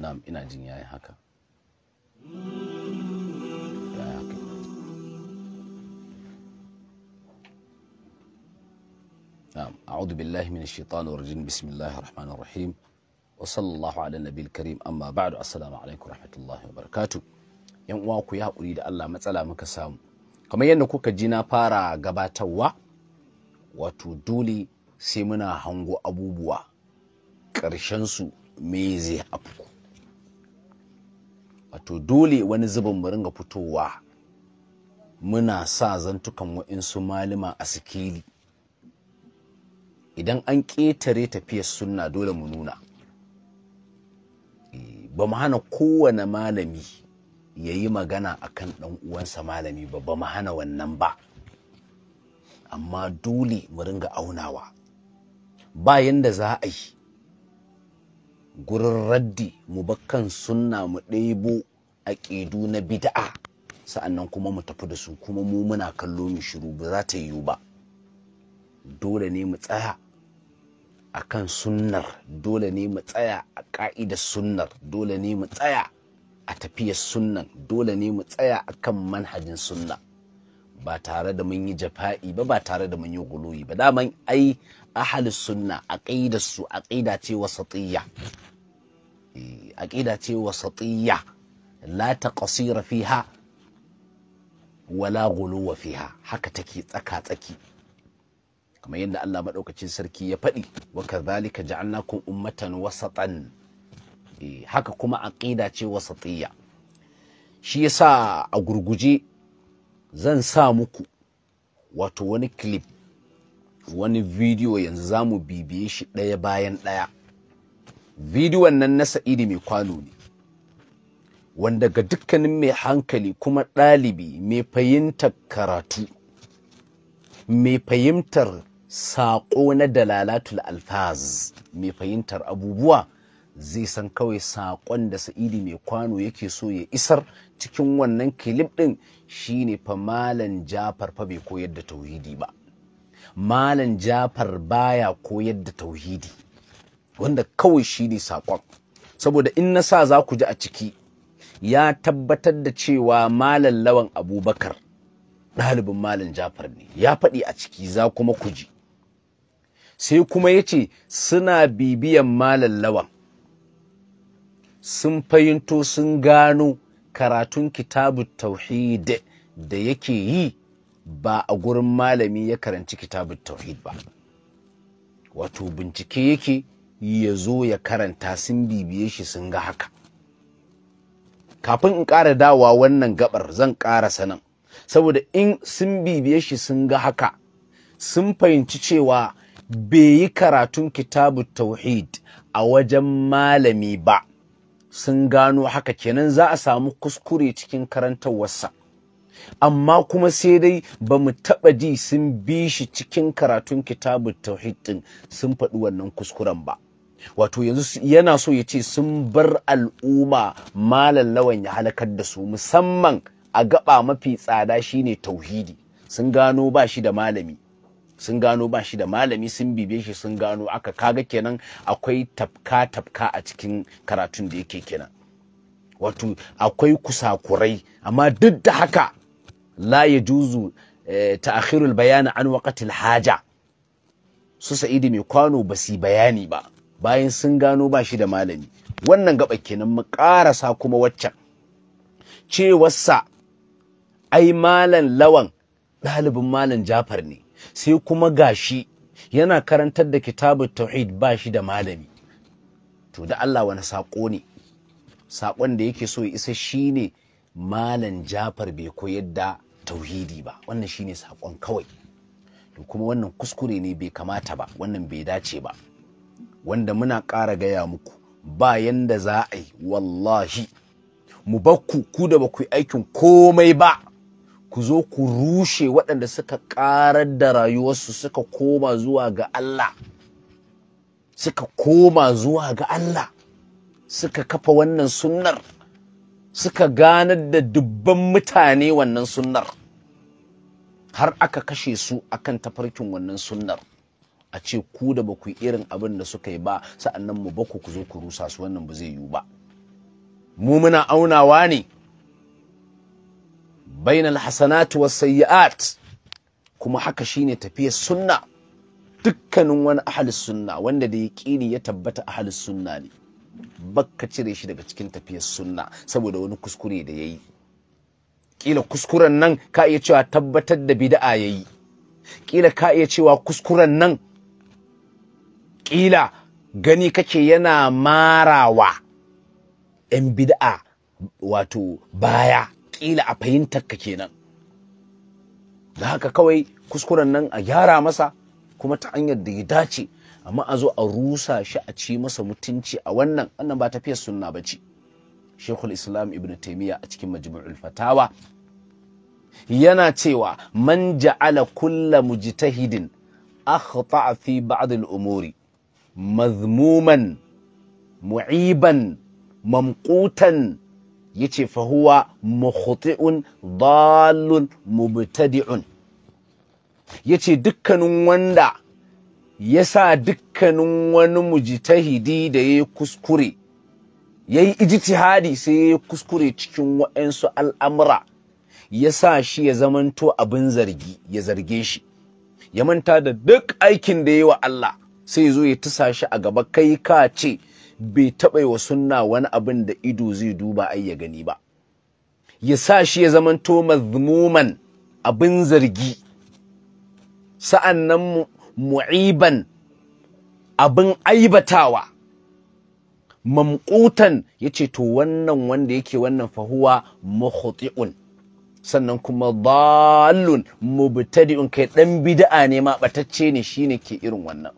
na'am ina jin yayi haka yayi haka na'am a'udhu billahi minash shaitanir rajim bismillahir rahmanir rahim wa sallallahu ala nabiyil karim amma ba'du assalamu alaikum rahmatullahi wa barakatuh yan uwa ku yi hakuri da Allah matsala muka samu kamar yadda kuka ji na fara gabatarwa wato dole sai muna hango abubuwa su me zai afku wato dole wani zubin mu ringa fitowa muna sa zantukan wa'insu Malama a sikili idan an ƙetare tafiyar sunna dole mu nuna eh, ba mu hana kowane malami ya yi magana a kan uwansa malami ba ba mu hana wannan ba amma dole mu ringa aunawa bayan da za a yi gurin raddi mu kan sunna mu ɗebo aƙidu na bid'a sa'annan kuma mu tafi da su kuma mu muna kallo mu shiru ba za ta yiwu ba dole ne mu tsaya a kan sunnar dole ne mu tsaya a ƙa'idar sunnar dole ne mu tsaya a tafiyar sunnan dole ne mu tsaya a kan manhajin sunna ba tare da mun yi jafa'i ba ba tare da mun yi guloyi ba daman ai ahalus sunna aqidar su aqida ce wasatiyya aƙida ce wasatiyya la taqsira fiha wala ghuluwa fiha haka take tsaka tsaki kamar yadda Allah maɗaukacin sarki ya faɗi wa kadhalika ja'alnakum ummatan wasatan eh, haka kuma aƙida ce wasatiyya shi yasa a gurguje zan sa muku wato wani clip wani bidiyo yanzu zamu bibiye shi ɗaya bayan ɗaya bidiyon nan na sa'idi mai kwano ne wanda ga dukkanin mai hankali kuma ɗalibi mai fahimtar karatu mai fahimtar saƙo na dalalatul alfaz mai fahimtar abubuwa zai san kawai saƙon da sa'idi mai kwano yake so ya isar cikin wannan kilif ɗin shine fa malan jafar fa bai koyar da tauhidi ba malan jafar baya koyar da tauhidi wanda kawai shi ne saƙon saboda in na sa za ku ji a ciki ya tabbatar da cewa malam lawan abubakar ɗalibin malam jafar ne ya faɗi a ciki za kuma ku ji sai kuma ya ce suna bibiyan malam lawan sun fahimto sun gano karatun kitabu tauhid da yake yi ba a gurin malami ya karanci kitabu tauhid ba wato bincike yake ya zo ya karanta sun bibiye shi sun ga haka kafin in ƙara dawa wannan gabar zan ƙara sanin saboda in sun bibiye shi sun ga haka sun fahimci cewa bai yi karatun kitabu tauhid a wajen malami ba sun gano haka kenan za a samu kuskure cikin karantarwarsa amma kuma sai dai ba mu taɓa ji sun bi shi cikin karatun kitabun tauhid ɗin sun faɗi wannan kuskuren ba wato yanzu yana so ya ce sun bar al'umma malan lawan ya halakar da su musamman a gaba mafi tsada shine tauhidi sun gano ba shi da malami sun gano ba shi da malami sun bibe shi sun gano aka kaga kenan akwai tafka tafka a cikin karatun da yake kenan wato akwai kusakurai amma duk da haka la ya juzu eh, ta'khirul bayani an waqtil haja su sa'idi mai kwano ba su bayani ba bayan sun gano ba shi da malami wannan gaba kenan mu ƙarasa kuma waccan cewarsa ai malam lawan ɗalibin malan jafar ne sai kuma gashi yana karantar da kitabun tauhid ba shi da malami to da Allah wani saƙo ne saƙon da yake so ya isa shine malam jafar bai koyar da tauhidi ba wannan shine saƙon kawai to kuma wannan kuskure ne bai kamata ba wannan bai dace ba wanda muna ƙara gaya muku ba yanda za a yi wallahi mu bakku ku da bakwai aikin komai ba ku zo ku rushe waɗanda suka ƙarar da rayuwarsu suka koma zuwa ga Allah suka koma zuwa ga Allah suka kafa wannan sunnar suka ganar da dubban mutane wannan sunnar har aka kashe su akan tafarkin wannan sunnar a ce ku da ba ku irin abin da suka yi ba sa'annan mu ba ku zo ku rusa su wannan ba zai yiwu ba mu muna aunawa ne bainal hasanatu was sayyi'at kuma haka shine tafiyar sunna dukkanin wani ahali sunna wanda da yaqini ya tabbata ahalis sunna ne bakka cire shi daga cikin tafiyar sunna saboda wani kuskure da yayi kila kuskuren nan ka iya cewa tabbatar da bid'a yayi kila ka iya cewa kuskuren nan ƙila gani kake yana marawa 'yan bid'a wato baya ƙila a fahimtarka kenan da haka kawai kuskuren nan a gyara masa kuma ta hanyar da ya dace amma a zo a rusa shi a ci masa mutunci a wannan wannan ba tafiyar sunna ba ce shekul islam ibn taimiyya a cikin majmu'ul fatawa yana cewa man ja'ala kulla mujtahidin akhta fi ba'd al-umuri mazmuman mu'iban mamqutan yace fa huwa mukhti'un dallun mubtadi'un yace dukkanin wanda yasa dukkanin wani mujtahidi da ya kuskure ya yi ijtihadi sai ya kuskure cikin waɗansu al'amura ya sa shi ya zamanto abin zargi ya zarge shi ya manta da duk aikin da ya wa Allah sai zo ya tusa shi a gaba kai ka ce bai taɓa wa sunna wani abin da ido zai duba ai ya gani ba ya sa shi ya zamanto mazmuman abin zargi sa'an nan mu'iban abin aibatawa mamqutan ce to wannan wanda yake wannan fahuwa mukhti'un sannan kuma dallun mubtadi'un kai dan bid'a ne ma batacce ne shine ke irin wannan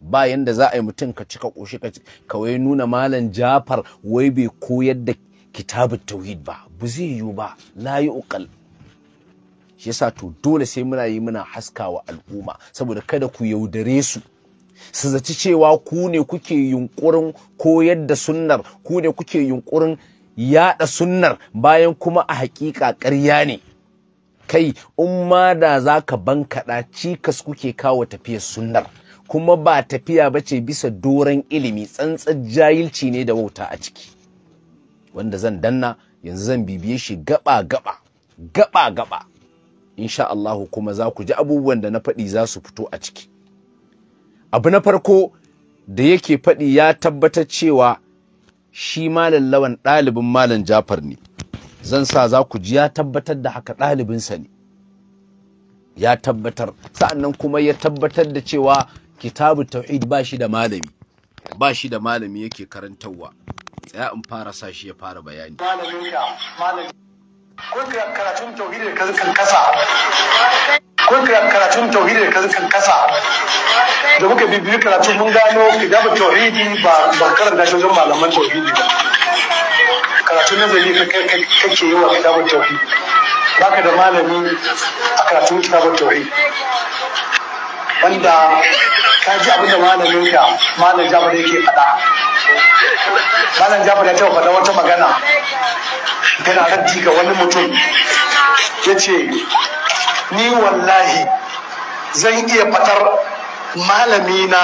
ba yanda za a yi mutum ka cika ƙoshi ka kawai nuna malam jafar wai bai koyar da kitabun tauhid ba bu zai yiwu ba la yi ukal. shi yasa to dole sai muna yi muna haska wa al'umma saboda kada ku yaudare su su zaci cewa ku ne kuke yunkurin koyar da sunnar ku ne kuke yunkurin yaɗa sunnar bayan kuma a hakika ƙarya ne kai umma da za ka bankaɗa cikas kuke kawo tafiyar sunnar kuma ba tafiya ba ce bisa doron ilimi tsantsar jahilci ne da wauta a ciki wanda zan danna yanzu zan bibiye shi gaba gaba gaba gaba insha Allah kuma za ku ji abubuwan da na faɗi za su fito a ciki abu na farko da yake faɗi ya tabbatar cewa shi malam lawan ɗalibin malam jafar ne zan sa za ku ji ya tabbatar da haka ɗalibinsa ne ya tabbatar sa'annan kuma ya tabbatar da cewa kitabu tauhid ba shi da malami ba shi da malami yake karantarwa tsaya in fara sa shi ya fara bayani ko karatun da karatun tauhidi da kasa da muka bibiyi karatun mun gano kitabu tauhidi ba ba karanta shi wajen malaman tauhidi ba karatun kake yi wa kitabu tauhidi baka da malami a karatun kitabu tauhidi wanda ka ji abinda malamin malam jabar yake faɗa malam jafar ya taɓa faɗa wata magana tana raddi ga wani mutum ya ce ni wallahi zan iya faɗar malamina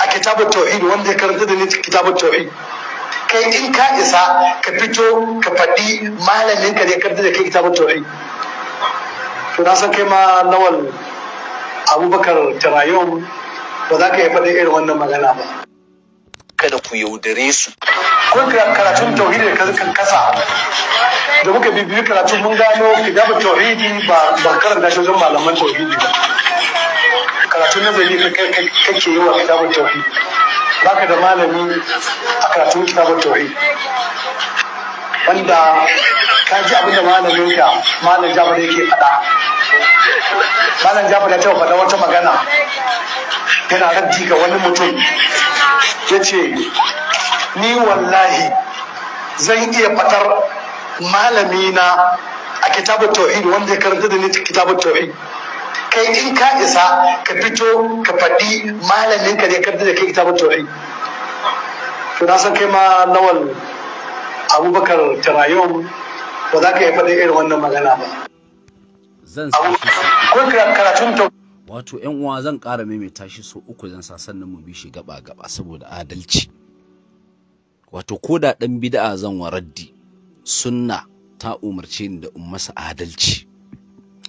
a kitabun tauhid wanda ya karanta da ni kitabu tauhid kai in ka isa ka fito ka faɗi malamin ka ne karanta da kai kitabu tauhid to na san kai ma lawal abubakar tarayon ba za ka yi faɗin irin wannan magana ba kada ku yaudare su kun karatun tauhidi da kan kasa da muka bibiyu karatun mun gano kitabu tauhidi ba ba karanta shi wajen malaman tauhidi ba karatun nazari kake yi wa kitabu tauhidi ka da malami a karatun kitabu tauhidi wanda ka ji abin da malamin ka malam jafar yake faɗa malam jafar ya taɓa faɗa wata magana yana raddi ga wani mutum ya ce ni wallahi zan iya faɗar malamina a kitabu tauhid wanda ya karanta da ni kitabu tauhid kai in ka isa ka fito ka faɗi malamin ka ne karanta da kai kitabu tauhid to na san kai ma nawal abubakar tarayon ba za ka yi faɗin irin wannan magana ba zan karatun ta wato yan uwa zan ƙara maimaita shi so uku zan sa sannan mu bi shi gaba gaba saboda adalci wato ko da ɗan bida'a zan waraddi sunna ta umarce ni da in masa adalci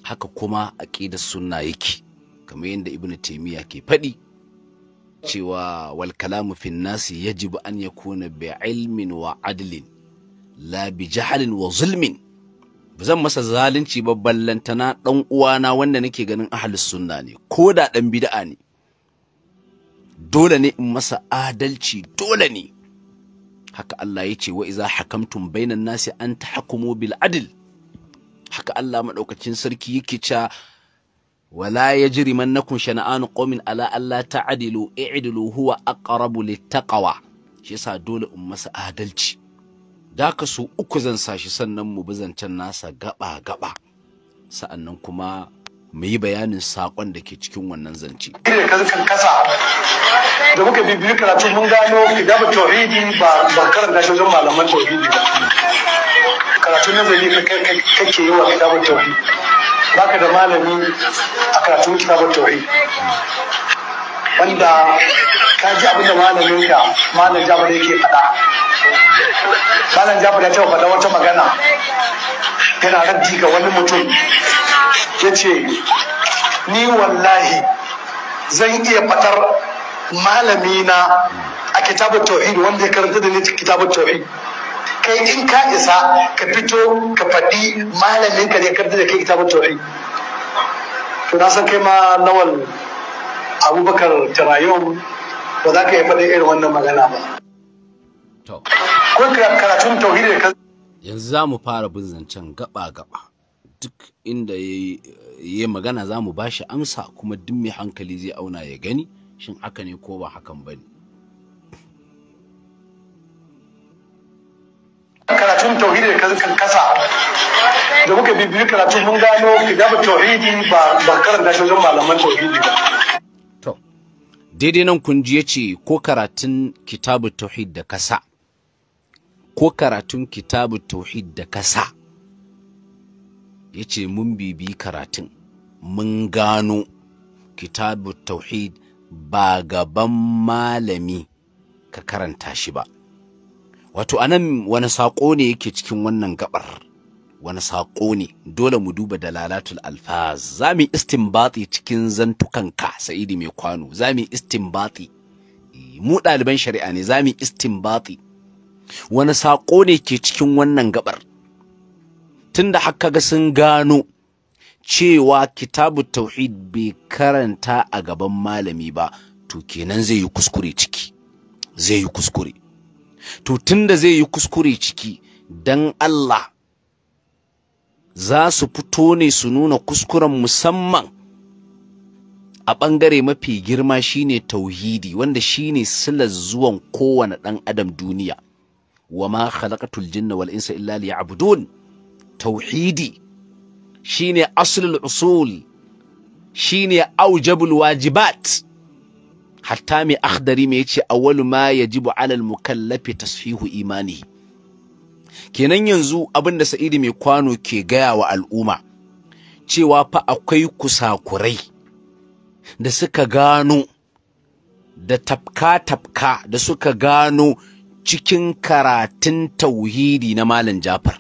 haka kuma aƙidar sunna yake kamar yadda ibnu taimiyya ke faɗi cewa wal kalamu fin nasi yajibu an yakuna bi ilmin wa adlin la bi jahalin wa zulmin ba zan masa zalunci ba ballantana dan uwana wanda nake ganin ahlus sunna ne ko da dan bid'a ne dole ne in masa adalci dole ne haka Allah ya ce wa iza hakamtum bainan nasi an tahkumu bil adl haka Allah madaukakin sarki yake cewa wala yajrimannakum shana'an qawmin ala alla ta'dilu i'dilu huwa aqrabu littaqwa shi yasa dole in masa adalci da ka so uku zan sashi sannan mu bi can nasa gaba gaba sa'annan kuma mu yi bayanin saƙon da ke cikin wannan zance. Kire kan kasa da muka biyu karatu mun gano kitabu tauhidi ba ba karanta shi wajen malaman tauhidi ba. Karatu na zali kake yi wa kitabu ba ka da malami a karatun kitabu tauhidi. wanda ka ji abin da malamin ka malam jabir yake faɗa malam jabir ya taɓa faɗa wata magana yana raddi ga wani mutum ya ce ni wallahi zan iya faɗar malamina a kitabun tauhid wanda ya karanta da ni kitabun tauhid kai in ka isa ka fito ka faɗi malamin ka ne karanta da kai kitabun tauhid to na san kai ma nawal abubakar tarayon ba za ka yi faɗin irin wannan magana ba ko karatun tauhidi ka yanzu za mu fara bin zancen gaba-gaba duk inda ya magana za mu ba shi amsa kuma duk mai hankali zai auna ya gani shin haka ne ko ba hakan ba ne karatun tauhidi da kan kasa da muka bibiyi karatun mun gano ba tauhidi ba karanta shi zan malaman tauhidi ba daidai nan kunji ya ce ko karatun kitabu tauhid da kasa ko karatun kitabu tauhid da kasa yace mun bibi karatun mun gano kitabu tauhid ba gaban malami ka karanta shi ba wato anan wani saƙo ne yake cikin wannan gabar wani saƙo ne dole mu duba da dalalatul alfaz za mu istinbati cikin ka, sa'idi mai kwano za mu istinbati eh, mu ɗaliban shari'a ne za mu istinbati wani saƙo ne ke cikin wannan gabar tunda haka ga sun gano cewa kitabu tauhid bai karanta a gaban malami ba to kenan zai yi kuskure ciki zai yi kuskure to tunda zai yi kuskure ciki dan Allah za su fito ne su nuna kuskuren musamman a ɓangare mafi girma shine tauhidi wanda shine silar zuwan kowane ɗan adam duniya wa ma khalaqatul jinna wal insa illa liya'budun tauhidi shine aslul usul shine aujabul wajibat hatta mai akhdari mai yace awwalu ma yajibu alal mukallafi tasfihu imanihi kenan yanzu abin da Sa'idu mai kwano ke gaya wa al'umma cewa fa akwai kusakurai da suka gano da tafka-tafka da suka gano cikin karatun tauhidi na Malam Jafar.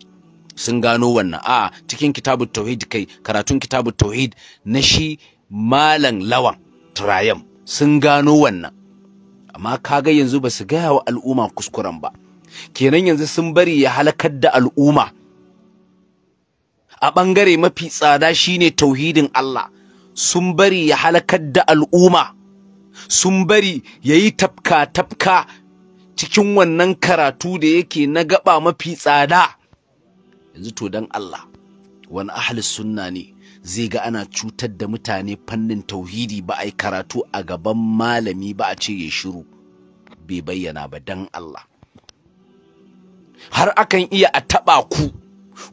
Sun gano wannan a cikin kitabu tauhid kai karatun kitabu tauhid na shi Malam Lawan Turayam sun gano wannan. Amma kaga yanzu ba su gaya wa al'umma kuskuren ba. kenan yanzu sun bari ya halakar da al'umma a ɓangare mafi tsada shine tauhidin Allah sun bari ya halakar da al'umma sun bari ya yi tafka-tafka cikin wannan karatu da yake na gaba mafi tsada yanzu to dan Allah wani ahli sunna ne zai ga ana cutar da mutane fannin tauhidi ba a karatu a gaban malami ba a ce ya shiru bai bayyana ba dan Allah har akan iya a taɓa ku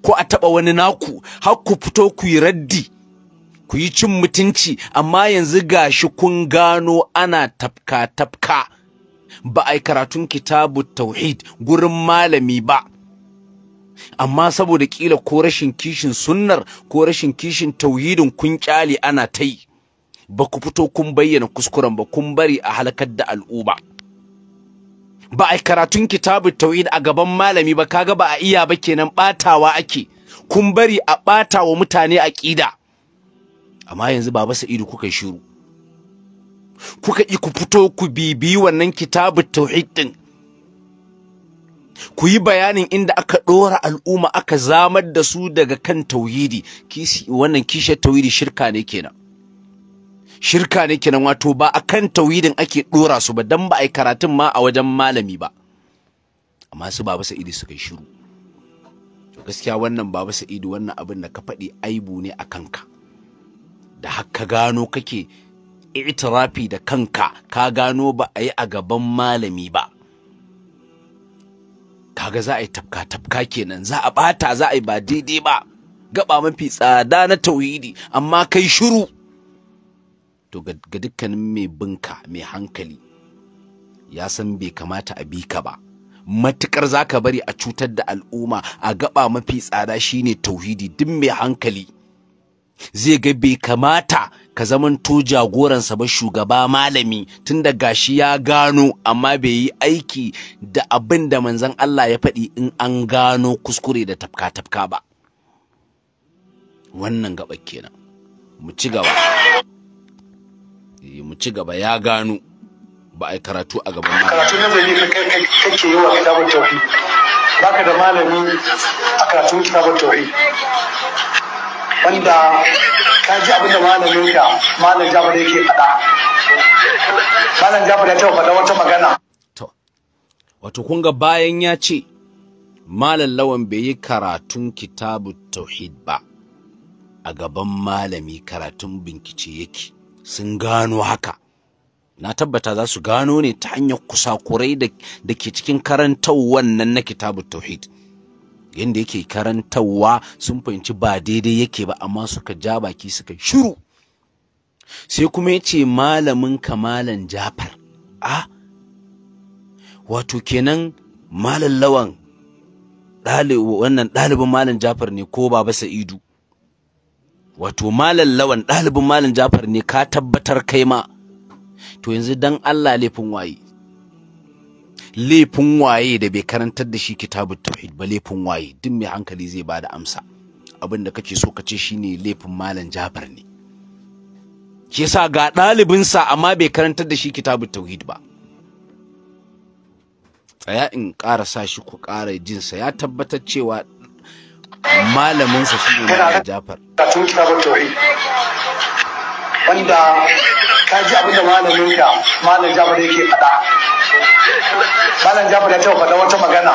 ko a taɓa wani naku har ku fito ku yi raddi ku yi cin mutunci amma yanzu gashi kun gano ana tafka tafka ba a yi karatun kitabu tauhid gurin malami ba amma saboda kila ko rashin kishin sunnar ko rashin kishin tauhidin kun kyale ana ta yi ba ku fito kun bayyana kuskuren ba kun bari a halakar da al'umma ba a karatun kitabu tauhid a gaban malami ba kaga ba a iya ba kenan batawa ake kun bari a bata wa mutane aqida amma yanzu baba Sa'idu kuka shiru kuka yi ku fito ku bibiyi wannan kitabu tauhid din ku yi bayanin inda aka ɗora al'umma aka zamar da su daga kan Kishi wannan kishiyar tauhidi shirka ne kenan shirka ne kenan wato ba a kan tauhidin ake dora su ba dan ba a yi karatun ma a wajen malami ba amma su baba sa'idu suka yi shiru gaskiya wannan baba sa'idu wannan abin da ka faɗi aibu ne a kanka da haka gano kake itirafi da kanka ka gano ba a yi a gaban malami ba kaga za a yi tafka tafka kenan za a bata za a ba daidai ba gaba mafi tsada na tauhidi amma kai shiru to ga dukkanin mai binka mai hankali ya san bai kamata a bi ka ba matukar za ka bari a cutar da al'umma a gaba mafi tsada shine tauhidi duk mai hankali zai ga bai kamata ka to jagoransa ba shugaba malami tun da gashi ya gano amma bai yi aiki da abin da manzon Allah ya faɗi in an gano kuskure da tafka-tafka ba wannan gaba kenan mu ci gaba al'amari mu ci gaba ya gano ba a yi karatu a gaban malami karatu na bai kai kake yi wa kitabun tauhid ka da malami a karatun kitabun tauhid wanda ka ji abin da malamin ka malam jabar yake faɗa malam jabar ya taɓa faɗa wata magana to wato kun ga bayan ya ce malam lawan bai yi karatun kitabun tauhid ba a gaban malami karatun bincike yake sun gano haka na tabbata za su gano ne ta hanyar kusakurai da ke cikin karantarwar nan na kitabu tauhid yadda yake karantarwa sun fahimci ba daidai yake ba amma suka ja baki suka shiru sai kuma ya ce malamin kamalan jafar a wato kenan malallawan wannan ɗalibin malam jafar ne ko baba sa'idu wato malam lawan ɗalibin malam jafar ne ka tabbatar kai ma to yanzu dan Allah laifin waye laifin waye da bai karantar da shi kitabut tauhid ba laifin waye duk mai hankali zai bada amsa abin da kake so ka ce shine laifin malam jafar ne ke sa ga ɗalibinsa amma bai karantar da shi kitabut tauhid ba tsaya in ƙara sa shi ku ƙara jinsa ya tabbatar cewa malaminsa shi ne Malam Jafar. Karatun tauhid wanda ka ji abin da ka Malam Jafar yake faɗa. Malam Jafar ya taɓa faɗa wata magana.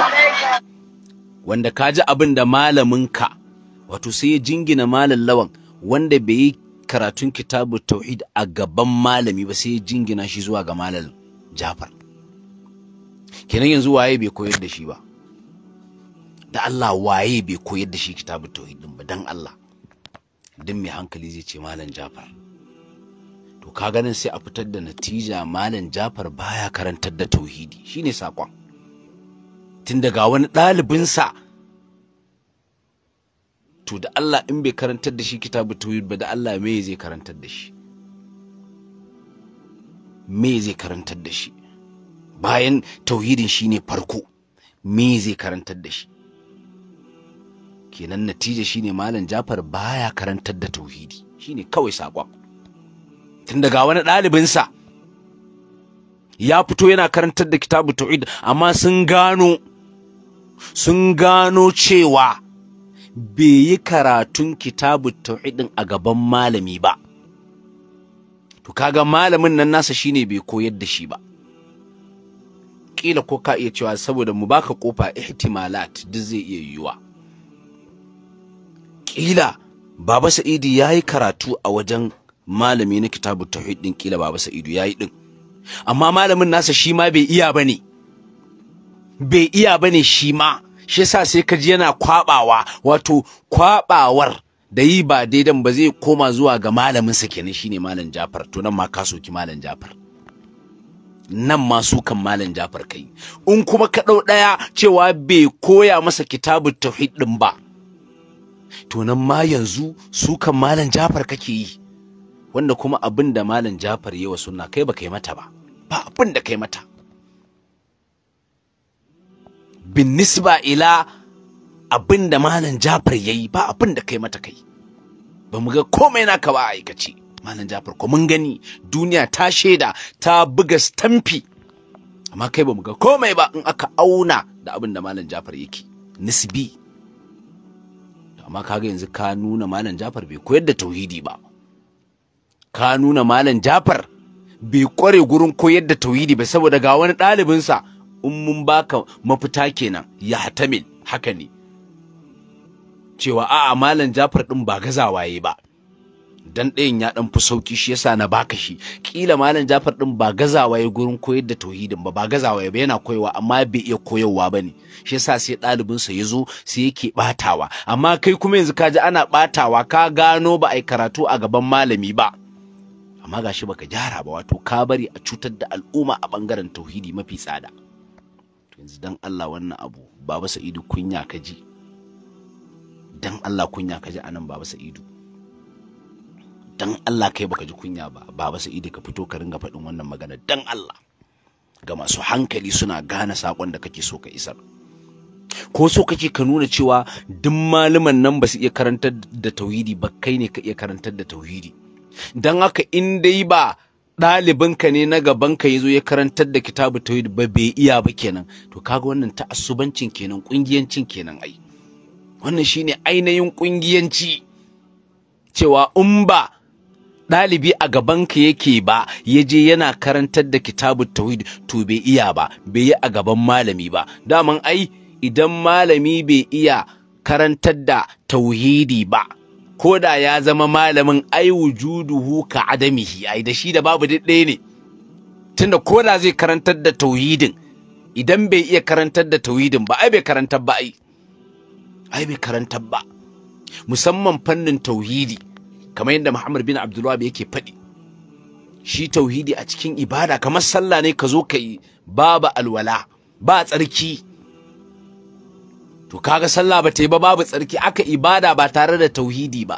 Wanda ka ji abin da malaminka wato sai ya jingina malam lawan wanda bai yi karatun kitabu tauhid a gaban malami ba sai ya jingina shi zuwa ga malam Jafar. Kenan yanzu waye bai koyar da shi ba. da Allah waye bai koyar da shi kitabu tauhidin ba dan Allah din mai hankali zai ce malam Jafar to ka ganin sai a fitar da natija malam Jafar baya karantar da tauhidi shine sakon tun daga wani ɗalibinsa to da Allah in bai karantar da shi kitabu tauhid ba da Allah me zai karantar da shi me zai karantar da shi bayan tauhidin shine farko me zai karantar da shi kenan natija shine malam jafar baya karantar da tauhidi shine kawai sakon tun daga wani ɗalibinsa ya fito yana karantar da kitabu tauhid amma sun gano sun gano cewa bai yi karatun kitabu tauhidin a gaban malami ba to kaga malamin nan nasa shine bai koyar da shi ba kila ko ka iya cewa saboda mu baka kofa ihtimalat duk zai iya yiwuwa ƙila baba sa'idu ya yi karatu a wajen malami na kitabu ta din kila baba sa'idu ya yi ɗin amma malamin nasa shi ma bai iya ba ne bai iya ba ne shi ma shi yasa sai kaji yana kwabawa wato kwabawar da yi ba daidan ba zai koma zuwa ga malaminsa sa kenan shine malam Jafar to nan ma ka soki malam Jafar nan ma su kan malam Jafar kai in kuma ka dau daya cewa bai koya masa kitabu ta din ba to nan ma yanzu su kan malam Jafar kake yi wanda kuma abin da malam Jafar yi wa sunna kai ba kai mata ba ba abin da kai mata bin nisba ila abin da malam Jafar yayi ba abin da kai mata kai ba mu ga komai naka ba aikace malam Jafar ko mun gani duniya ta shaida ta buga stamfi amma kai ba mu ga komai ba in aka auna da abin da malam Jafar yake nisbi amma kaga yanzu ka nuna malam jafar bai koyar da tauhidi ba ka nuna malam jafar bai kware gurin koyar da tauhidi ba saboda ga wani ɗalibinsa in mun baka mafita kenan ya hatamil haka ne cewa a'a malam jafar ɗin ba gazawaye ba dan ɗayan ya ɗan fi sauki shi yasa na baka shi Ƙila malam jafar ɗin ba gazawa ya gurin koyar da tauhidin ba ba gazawa ya ba yana koyarwa amma bai iya koyarwa ba ne shi yasa sai ɗalibinsa ya zo sai yake ɓatawa amma kai kuma yanzu ka ji ana ɓatawa ka gano ba a yi karatu a gaban malami ba amma gashi baka gyara ba wato ka bari a cutar da al'umma a ɓangaren tauhidi mafi tsada To yanzu dan Allah wannan abu baba sa'idu kunya ka ji dan Allah kunya ka ji anan baba sa'idu dan Allah kai baka ji kunya ba baba Sa'idu ka fito ka ringa faɗin wannan magana dan Allah ga masu hankali suna gane sakon da kake so ka isa. ko so kake ka nuna cewa duk malaman nan ba su iya karantar da tauhidi ba kai ne ka iya karantar da tauhidi dan haka in dai ba ɗalibinka ne na gabanka ya zo ya karantar da kitabu tauhid ba bai iya ba kenan to kaga wannan ta'assubancin kenan kungiyancin kenan ai wannan shine ainihin kungiyanci cewa in ba ɗalibi a gabanka yake ba ya je yana karantar da kitabun tauhid to bai iya ba bai yi a gaban malami ba daman ai idan malami bai iya karantar da tauhidi ba ko da ya zama malamin ai wujuduhu ka adamihi ai da shi da babu ɗaya ne tunda ko da zai karantar da tauhidin idan bai iya karantar da tauhidin ba ai bai karantar ba ai bai karantar ba musamman fannin tauhidi kamar yadda Muhammad bin Abdulwahab yake faɗi shi tauhidi a cikin ibada kamar sallah ne ka zo ka yi babu alwala ba tsarki to kaga sallah ba ta yi ba babu tsarki aka ibada ba tare da tauhidi ba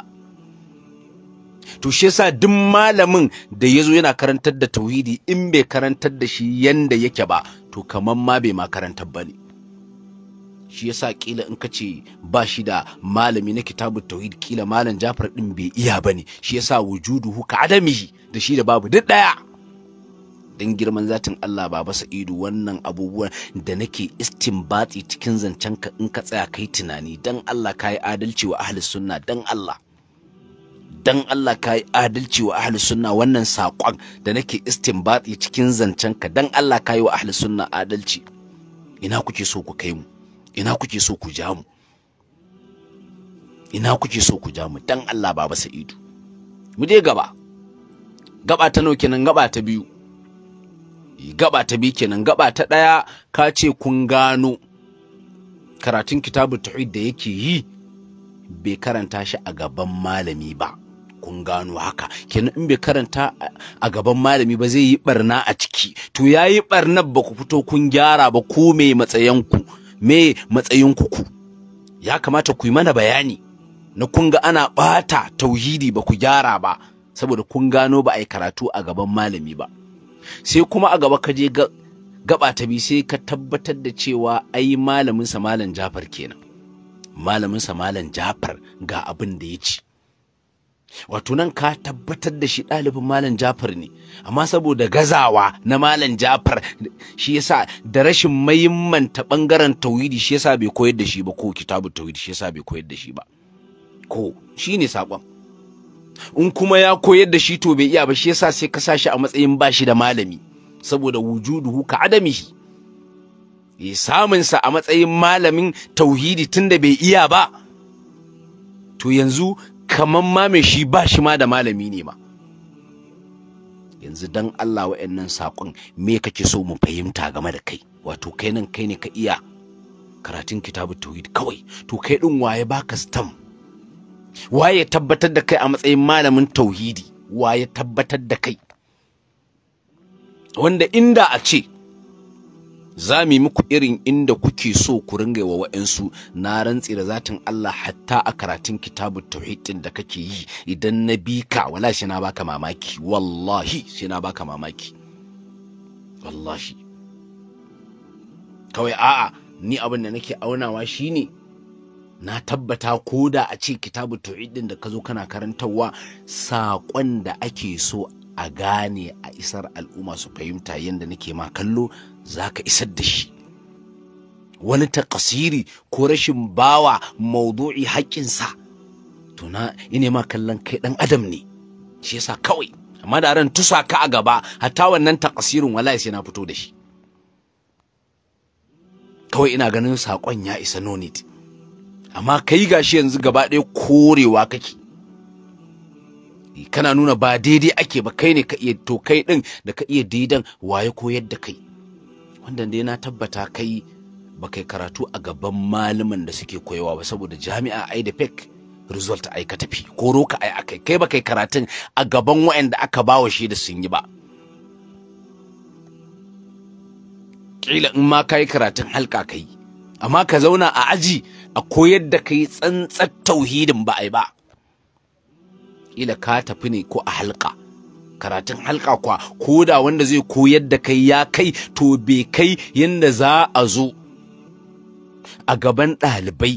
to shi yasa duk malamin da yazo yana karantar da tauhidi in bai karantar da shi yanda yake ba to kamar ma bai ma karantar ne. shi yasa kila in ka ce ba shi da malami na kitabu tauhid kila malam jafar din bai iya bane shi yasa wujudu huka adamihi da shi da babu duk daya don girman zatin Allah baba sa'idu wannan abubuwan da nake istinbati cikin zancen ka in ka tsaya kai tunani dan Allah ka yi adalci wa ahli sunna dan Allah dan Allah ka yi adalci wa ahli sunna wannan saƙon da nake istinbati cikin zancen ka dan Allah ka yi wa ahli sunna adalci ina kuke so ku kai mu ina kuke so ku ja mu ina kuke so ku ja mu dan Allah baba Sa'idu mu je gaba gaba ta nawa kenan gaba ta biyu eh, gaba ta biyu kenan gaba ta ɗaya ka ce kun gano karatun kitabu tauhid da yake yi bai karanta shi a gaban malami ba kun gano haka kenan in bai karanta a gaban malami ba zai yi barna a ciki to yayi barnar ba ku fito kun gyara ba ko mai matsayanku ku me matsayin ku ya kamata ku yi mana bayani na kun ga ana ɓata tauhidi ba ku gyara ba saboda kun gano ba a yi karatu a gaban malami ba sai kuma a gaba ka je gaba ta bi sai ka tabbatar da cewa ai malamin sa malam Jafar kenan malamin sa malam Jafar ga abin da ya ci wato nan ka tabbatar da shi ɗalibin malam jafar ne amma saboda gazawa na malam jafar shi yasa da rashin mahimmanta ɓangaren tauhidi shi yasa bai koyar da shi ba ko kitabu tauhidi shi yasa bai koyar da shi ba ko shi ne saƙon in kuma ya koyar da shi to bai iya ba shi yasa sai ka sa shi a matsayin ba shi da malami saboda wujuduhu ka shi ya samun sa a matsayin malamin tauhidi tunda bai iya ba to yanzu kamar ma mai shi ba shi ma da malami ne ma yanzu dan Allah wa'annan saƙon me kake so mu fahimta game da kai wato kai nan kai ne ka iya karatun kitabu tauhid kawai to kai din waye baka stam waye tabbatar da kai a matsayin malamin tauhidi waye tabbatar da kai wanda inda a ce za mu yi muku irin inda kuke so ku ringa wa wa'ansu na rantsi da zatin Allah hatta a karatun kitabu tauhidin da kake yi idan na bi ka wala na baka mamaki wallahi shi na baka mamaki wallahi kawai a'a ni abin da nake aunawa shine na tabbata ko da a ce kitabu tauhidin da ka zo kana karantarwa saƙon da ake so a gane a isar al'umma su fahimta yadda nake ma kallo za ka isar da shi wani takasiri ko rashin bawa maudu'i haƙƙinsa to na ma kallon kai ɗan adam ne shi yasa kawai amma da ran tusa ka a gaba hatta wannan takasirin wallahi sai na fito da shi kawai ina ganin saƙon ya isa nonit amma kai gashi yanzu gaba ɗaya korewa kake kana nuna ba daidai ake ba kai ne ka iya to kai ɗin da ka iya daidan waye koyar da kai wanda dai na tabbata kai ba kai karatu a gaban malaman da suke koyawa ba saboda jami'a ai da fek result ai ka tafi ko roka ai akai kai ba kai karatun a gaban waɗanda aka bawa shi da sun yi ba kila in ma kai karatun halka kai amma ka zauna a aji a koyar da kai tsantsar tauhidin ba ai ba kila ka tafi ne ko a halka karatun halka kwa ko da wanda zai koyar da kai ya kai to bai kai yadda za a zo a gaban ɗalibai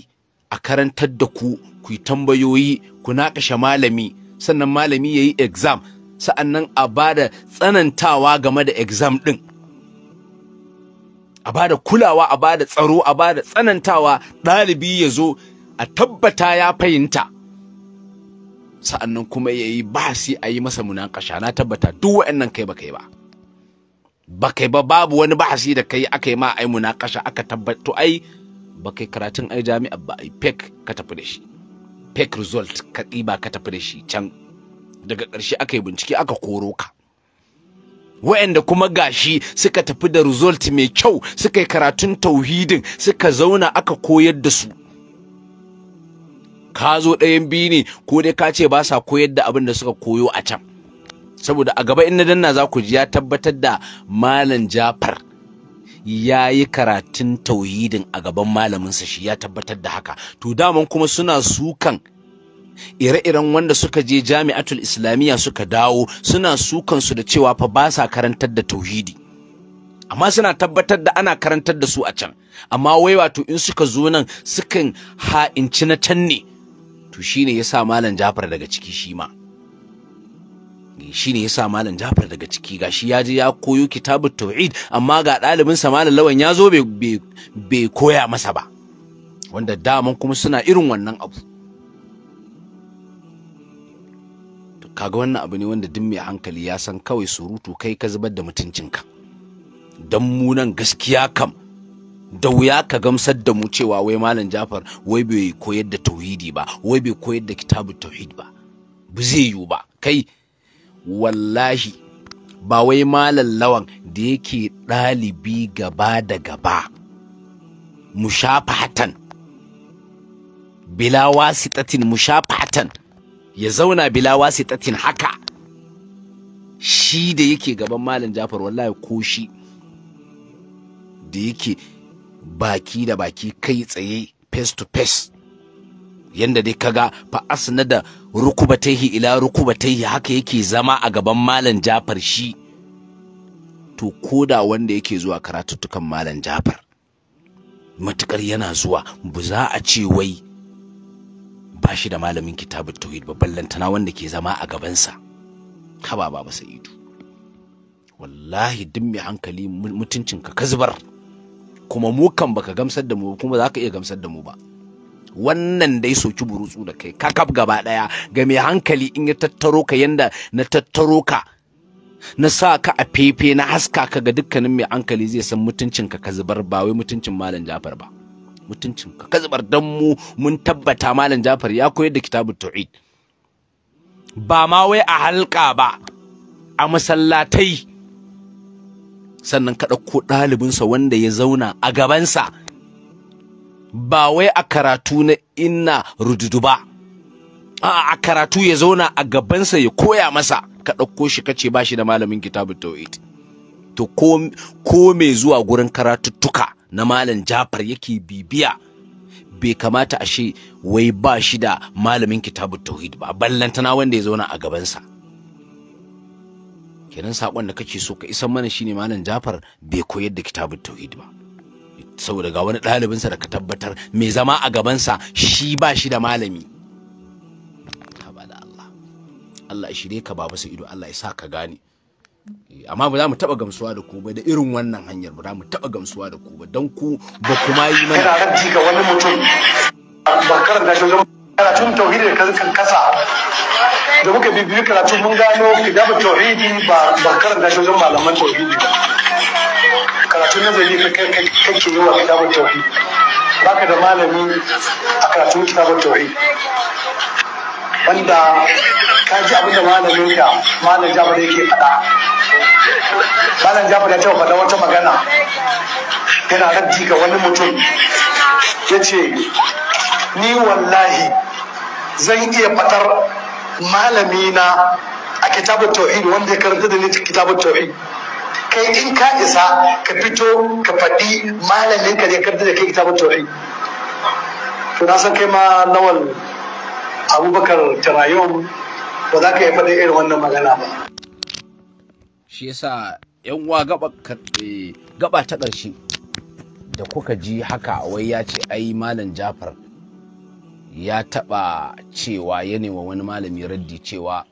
a karantar da ku ku tambayoyi ku naƙashe malami sannan malami ya yi exam sa'annan a ba da tsanantawa game da exam ɗin a ba da kulawa a ba da tsaro a ba da tsanantawa ɗalibi ya zo a tabbata ya fahimta sa'annan kuma ya yi bahasi a yi masa munakasha na tabbata duk wa'annan kai ba kai ba ba kai ba babu wani bahasi da kai aka yi ma yi munakasha aka tabbatu ai ba kai karatun ai jami'a ba ai fake ka tafi da shi fake result ka ɗiba ka tafi da shi can daga ƙarshe aka yi bincike aka koro ka wa'anda kuma gashi suka tafi da result mai kyau suka yi karatun tauhidin suka zauna aka koyar da su ka zo ɗayan biyu ne ko dai ka ce ba sa koyar da abin da suka koyo a can saboda a gaba in na danna za ku ji ya tabbatar da malam jafar ya yi karatun tauhidin a gaban malaminsa shi ya tabbatar da haka to daman kuma suna sukan ire-iren wanda suka je jami'atul islamiyya suka dawo suna sukan su da cewa fa ba sa karantar da tauhidi amma suna tabbatar da ana karantar da su a can amma wai wato in suka zo nan sukan ha'inci na can ne to shine yasa malam Jafar daga ciki shi ma eh, shine yasa malam Jafar daga ciki gashi ya je ya koyo kitabut tauhid amma ga ɗalibinsa sa malam Lawan ya zo bai koya masa ba wanda daman kuma suna irin wannan abu kaga wannan abu ne wanda duk mai hankali ya san kawai surutu kai ka zubar da mutuncinka dan mu nan gaskiya kam da wuya ka gamsar da mu cewa wai malam jafar wai bai koyar da tauhidi ba wai bai koyar da kitabu tauhid ba ba zai yiwu ba kai wallahi ba wai malam lawan da yake ɗalibi gaba da gaba mu sitatin mu sha fatan ya zauna bila wasitatin haka shi da yake gaban malam jafar wallahi ko shi da yake baki da baki kai tsaye face to face yanda dai kaga fa asna da rukubataihi ila rukubataihi haka yake zama a gaban malam Jafar shi to koda wanda yake zuwa karatuttukan malam Jafar matukar yana zuwa bu za a ce wai ba shi da malamin kitabut tauhid ba ballantana wanda ke zama a gabansa haba ba masa ido wallahi dimmi hankali mutuncinka ka zubar kuma mu kan baka gamsar da mu kuma za ka iya gamsar da mu ba wannan dai soki burutsu da kai kakaf gaba daya ga mai hankali in ya tattaro ka yanda na tattaro ka na sa ka a fefe na haska ka ga dukkanin mai hankali zai san mutuncin ka ka zubar ba wai mutuncin malam Jafar ba mutuncin ka ka zubar dan mu mun tabbata malam Jafar ya koyar da kitabut tauhid ba ma wai a halka ba a masallatai sannan ka ɗauko ɗalibinsa wanda ya zauna a gabansa ba wai a karatu na inna rududu ba a a karatu ya zauna a gabansa ya koya masa ka ɗauko shi kace ba shi da malamin kitabu tauhid to ko me zuwa gurin karatuttuka na malam jafar yake bibiya bai kamata a shi wai ba shi da malamin kitabu tauhid ba ballantana wanda ya zauna a gabansa kenan sakon da kake so ka isan mana shine malam Jafar bai koyar da kitabun tauhid ba saboda ga wani ɗalibinsa da ka tabbatar mai zama a gabansa shi ba shi da malami Allah ka ba su ido Allah ya sa ka gane eh, amma ba za mu taba gamsuwa da ku ba da irin wannan hanyar ba za mu taba gamsuwa da ku ba don ku ba kuma yi mana kana ji ga wani mutum ba karanta shi wajen karatun tauhidi da kasa da muka bibiyu karatu mun gano kitabu tauhidi ba ba karanta shi wajen malaman tauhidi ba karatu nazari kake yi wa kitabu Ba ka da malami a karatun kitabu tauridi wanda ka ji abin da malamin ka malam jabar yake faɗa malam jabar ya taɓa faɗa wata magana yana raddi ga wani mutum ya ce ni wallahi zan iya fatar malamina na a kitabun tauhid wanda ya karanta da ni kitabun tauhid kai in ka isa ka fito ka faɗi malamin ka ya karanta da kai kitabun tauhid to na san kai ma nawal abubakar tarayon ba za ka yi faɗin irin wannan magana ba shi yasa yan uwa eh, gaba ta ƙarshe da kuka ji haka wai ya ce ai malam jafar ya taɓa cewa ya nema wani malami raddi cewa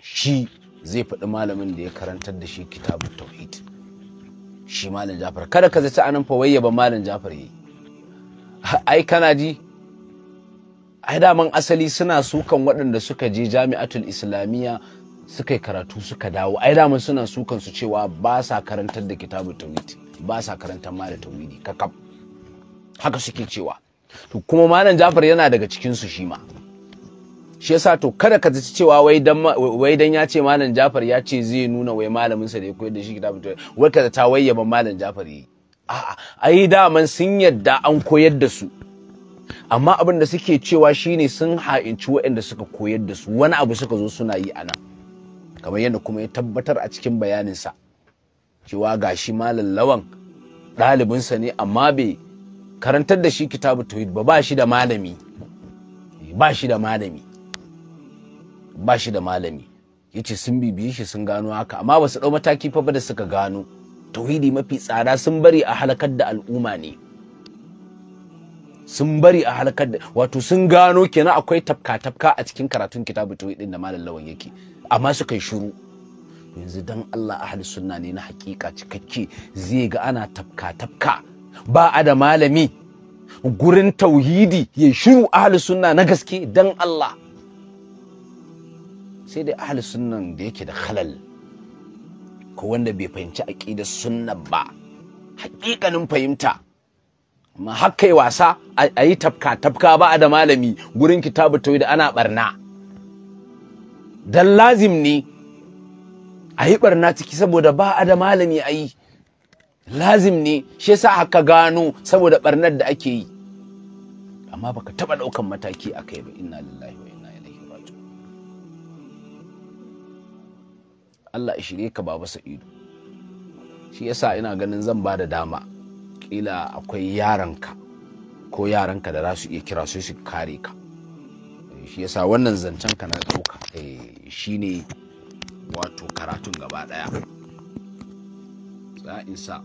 shi zai faɗi malamin da ya karantar da shi kitabun tauhid shi malam jafar kada ka zaci anan fawayya ba malam jafar yi ai kana ji ai daman asali suna sukan waɗanda suka je jami'atul islamiyya suka yi karatu suka dawo ai daman suna sukan su cewa ba sa karantar da kitabun tauhid ba sa karantar malam tauhidi kakab haka suke cewa to kuma malam Jafar yana daga cikin su shi ma shi yasa to kada ka ji cewa wai dan wai dan ya ce malam Jafar ya ce zai nuna wai malamin sa da ya koyar da shi kitabun to wai kada ta wai malam Jafar yi a'a ai daman sun yadda an koyar da su amma abin da suke cewa shine sun ha'inci waɗanda suka koyar da su wani abu suka zo suna yi a nan kamar yadda kuma ya tabbatar a cikin bayaninsa cewa gashi malam lawan ɗalibinsa ne amma bai karantar da shi kitabu tawhid ba shi da malami ba shi da malami ba shi da malami ya sun bibiye shi sun gano haka amma ba su ɗau mataki fa ba da suka gano tauhidi mafi tsada sun bari a halakar da al'umma ne sun bari a halakar da wato sun gano kenan akwai tafka-tafka a cikin karatun kitabu tauhidin da malam lawan yake amma suka yi shiru yanzu dan Allah ahli sunna ne na hakika cikakke zai ga ana tafka-tafka ba a da malami gurin tauhidi ya shiru ahalus sunna na gaske don Allah sai dai ahalus sunnan da yake da halal ko wanda bai fahimci aqidar sunna ba haƙiƙanin fahimta amma haka yi wasa a yi tafka tafka ba a da malami gurin kitabu tauhidi ana barna dan lazim ne a yi barna ciki saboda ba a da malami a yi lazim ne shi yasa aka gano saboda barnar da ake yi amma baka taba daukan mataki a kai ba inna lillahi wa inna ilaihi raji Allah ya shirye ka baba Sa'idu shi yasa ina ganin zan ba da dama kila akwai yaranka ko yaranka da za su iya kira su su kare ka eh, shi yasa wannan zancen ka na dauka eh, shine wato karatun gaba daya za in sa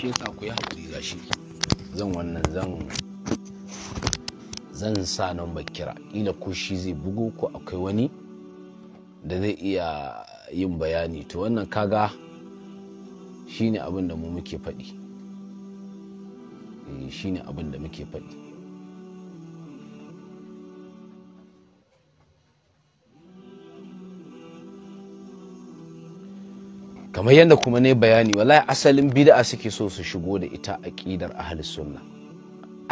shi sa ku yi haƙuri gashi zan wannan zan zan sa nan kira ila ko shi zai bugo ko akwai wani da zai iya yin bayani to wannan kaga shine abin da mu muke faɗi eh, shine abin da muke faɗi kamar yadda kuma ne bayani wallahi asalin bid'a suke so su shigo da ita aqidar ahli sunna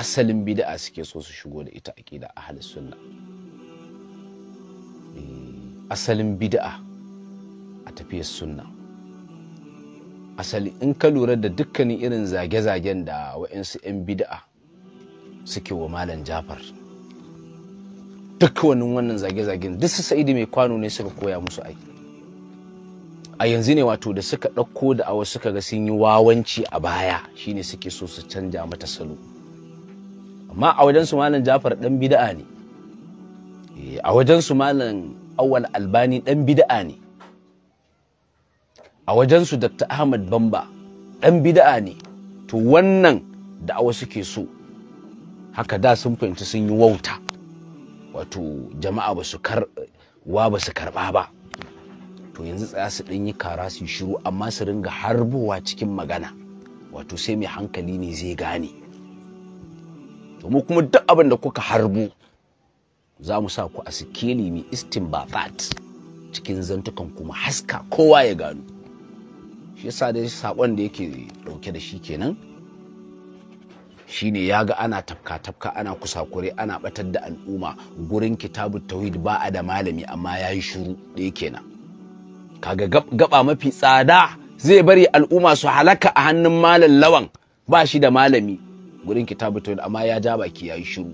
asalin bid'a suke so su shigo da ita aqidar ahli sunna eh, asalin bid'a a tafiyar sunna asali in ka lura da dukkanin irin zage-zagen da wa'insu 'yan bid'a suke wa malam jafar dukkanin wannan zage-zagen duk su sa'idi mai kwano ne suka koya musu aiki a yanzu ne wato da suka ɗauko da awa suka ga sun yi wawanci a baya shine suke so su canja mata salo amma a wajen su malam jafar dan bid'a eh, ne a wajen su malam awal albani dan bid'a ne a wajen su dr ahmad bamba dan bid'a ne to wannan da awa suke so haka da sun fahimci sun yi wauta wato jama'a ba su karɓa ba to yanzu tsaya su ɗan yi kara su shiru amma su ringa harbowa cikin magana wato sai mai hankali ne zai gane to mu kuma duk abin da kuka harbo za mu sa ku a sikeli mai istinbafat cikin zantukan kuma haska kowa ya gano shi yasa dai saƙon da yake dauke da shi kenan shine ya ga ana tafka-tafka ana kusakure ana batar da al'umma gurin kitabu tauhid ba a da malami amma ya yi shuru ɗaya kenan kaga gaba mafi tsada zai bari al'umma su halaka a hannun malam lawan ba shi da malami gurin kitabu tawhid amma ya ja baki yi shiru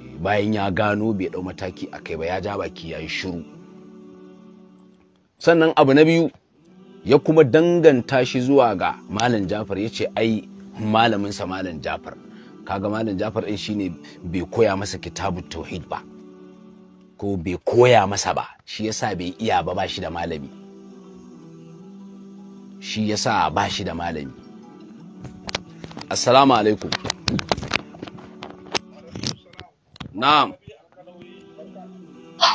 eh, bayan ya gano bai dau mataki a kai ba ya ja baki yi shiru sannan abu na biyu ya kuma danganta shi zuwa ga malam Jafar ya ce ai Malaminsa malam Jafar kaga malam Jafar ɗin shine bai koya masa kitabu tauhid ba ko bai koya masa ba shi yasa bai iya ba ba shi da malami shi yasa ba shi da malami assalamu alaikum na'am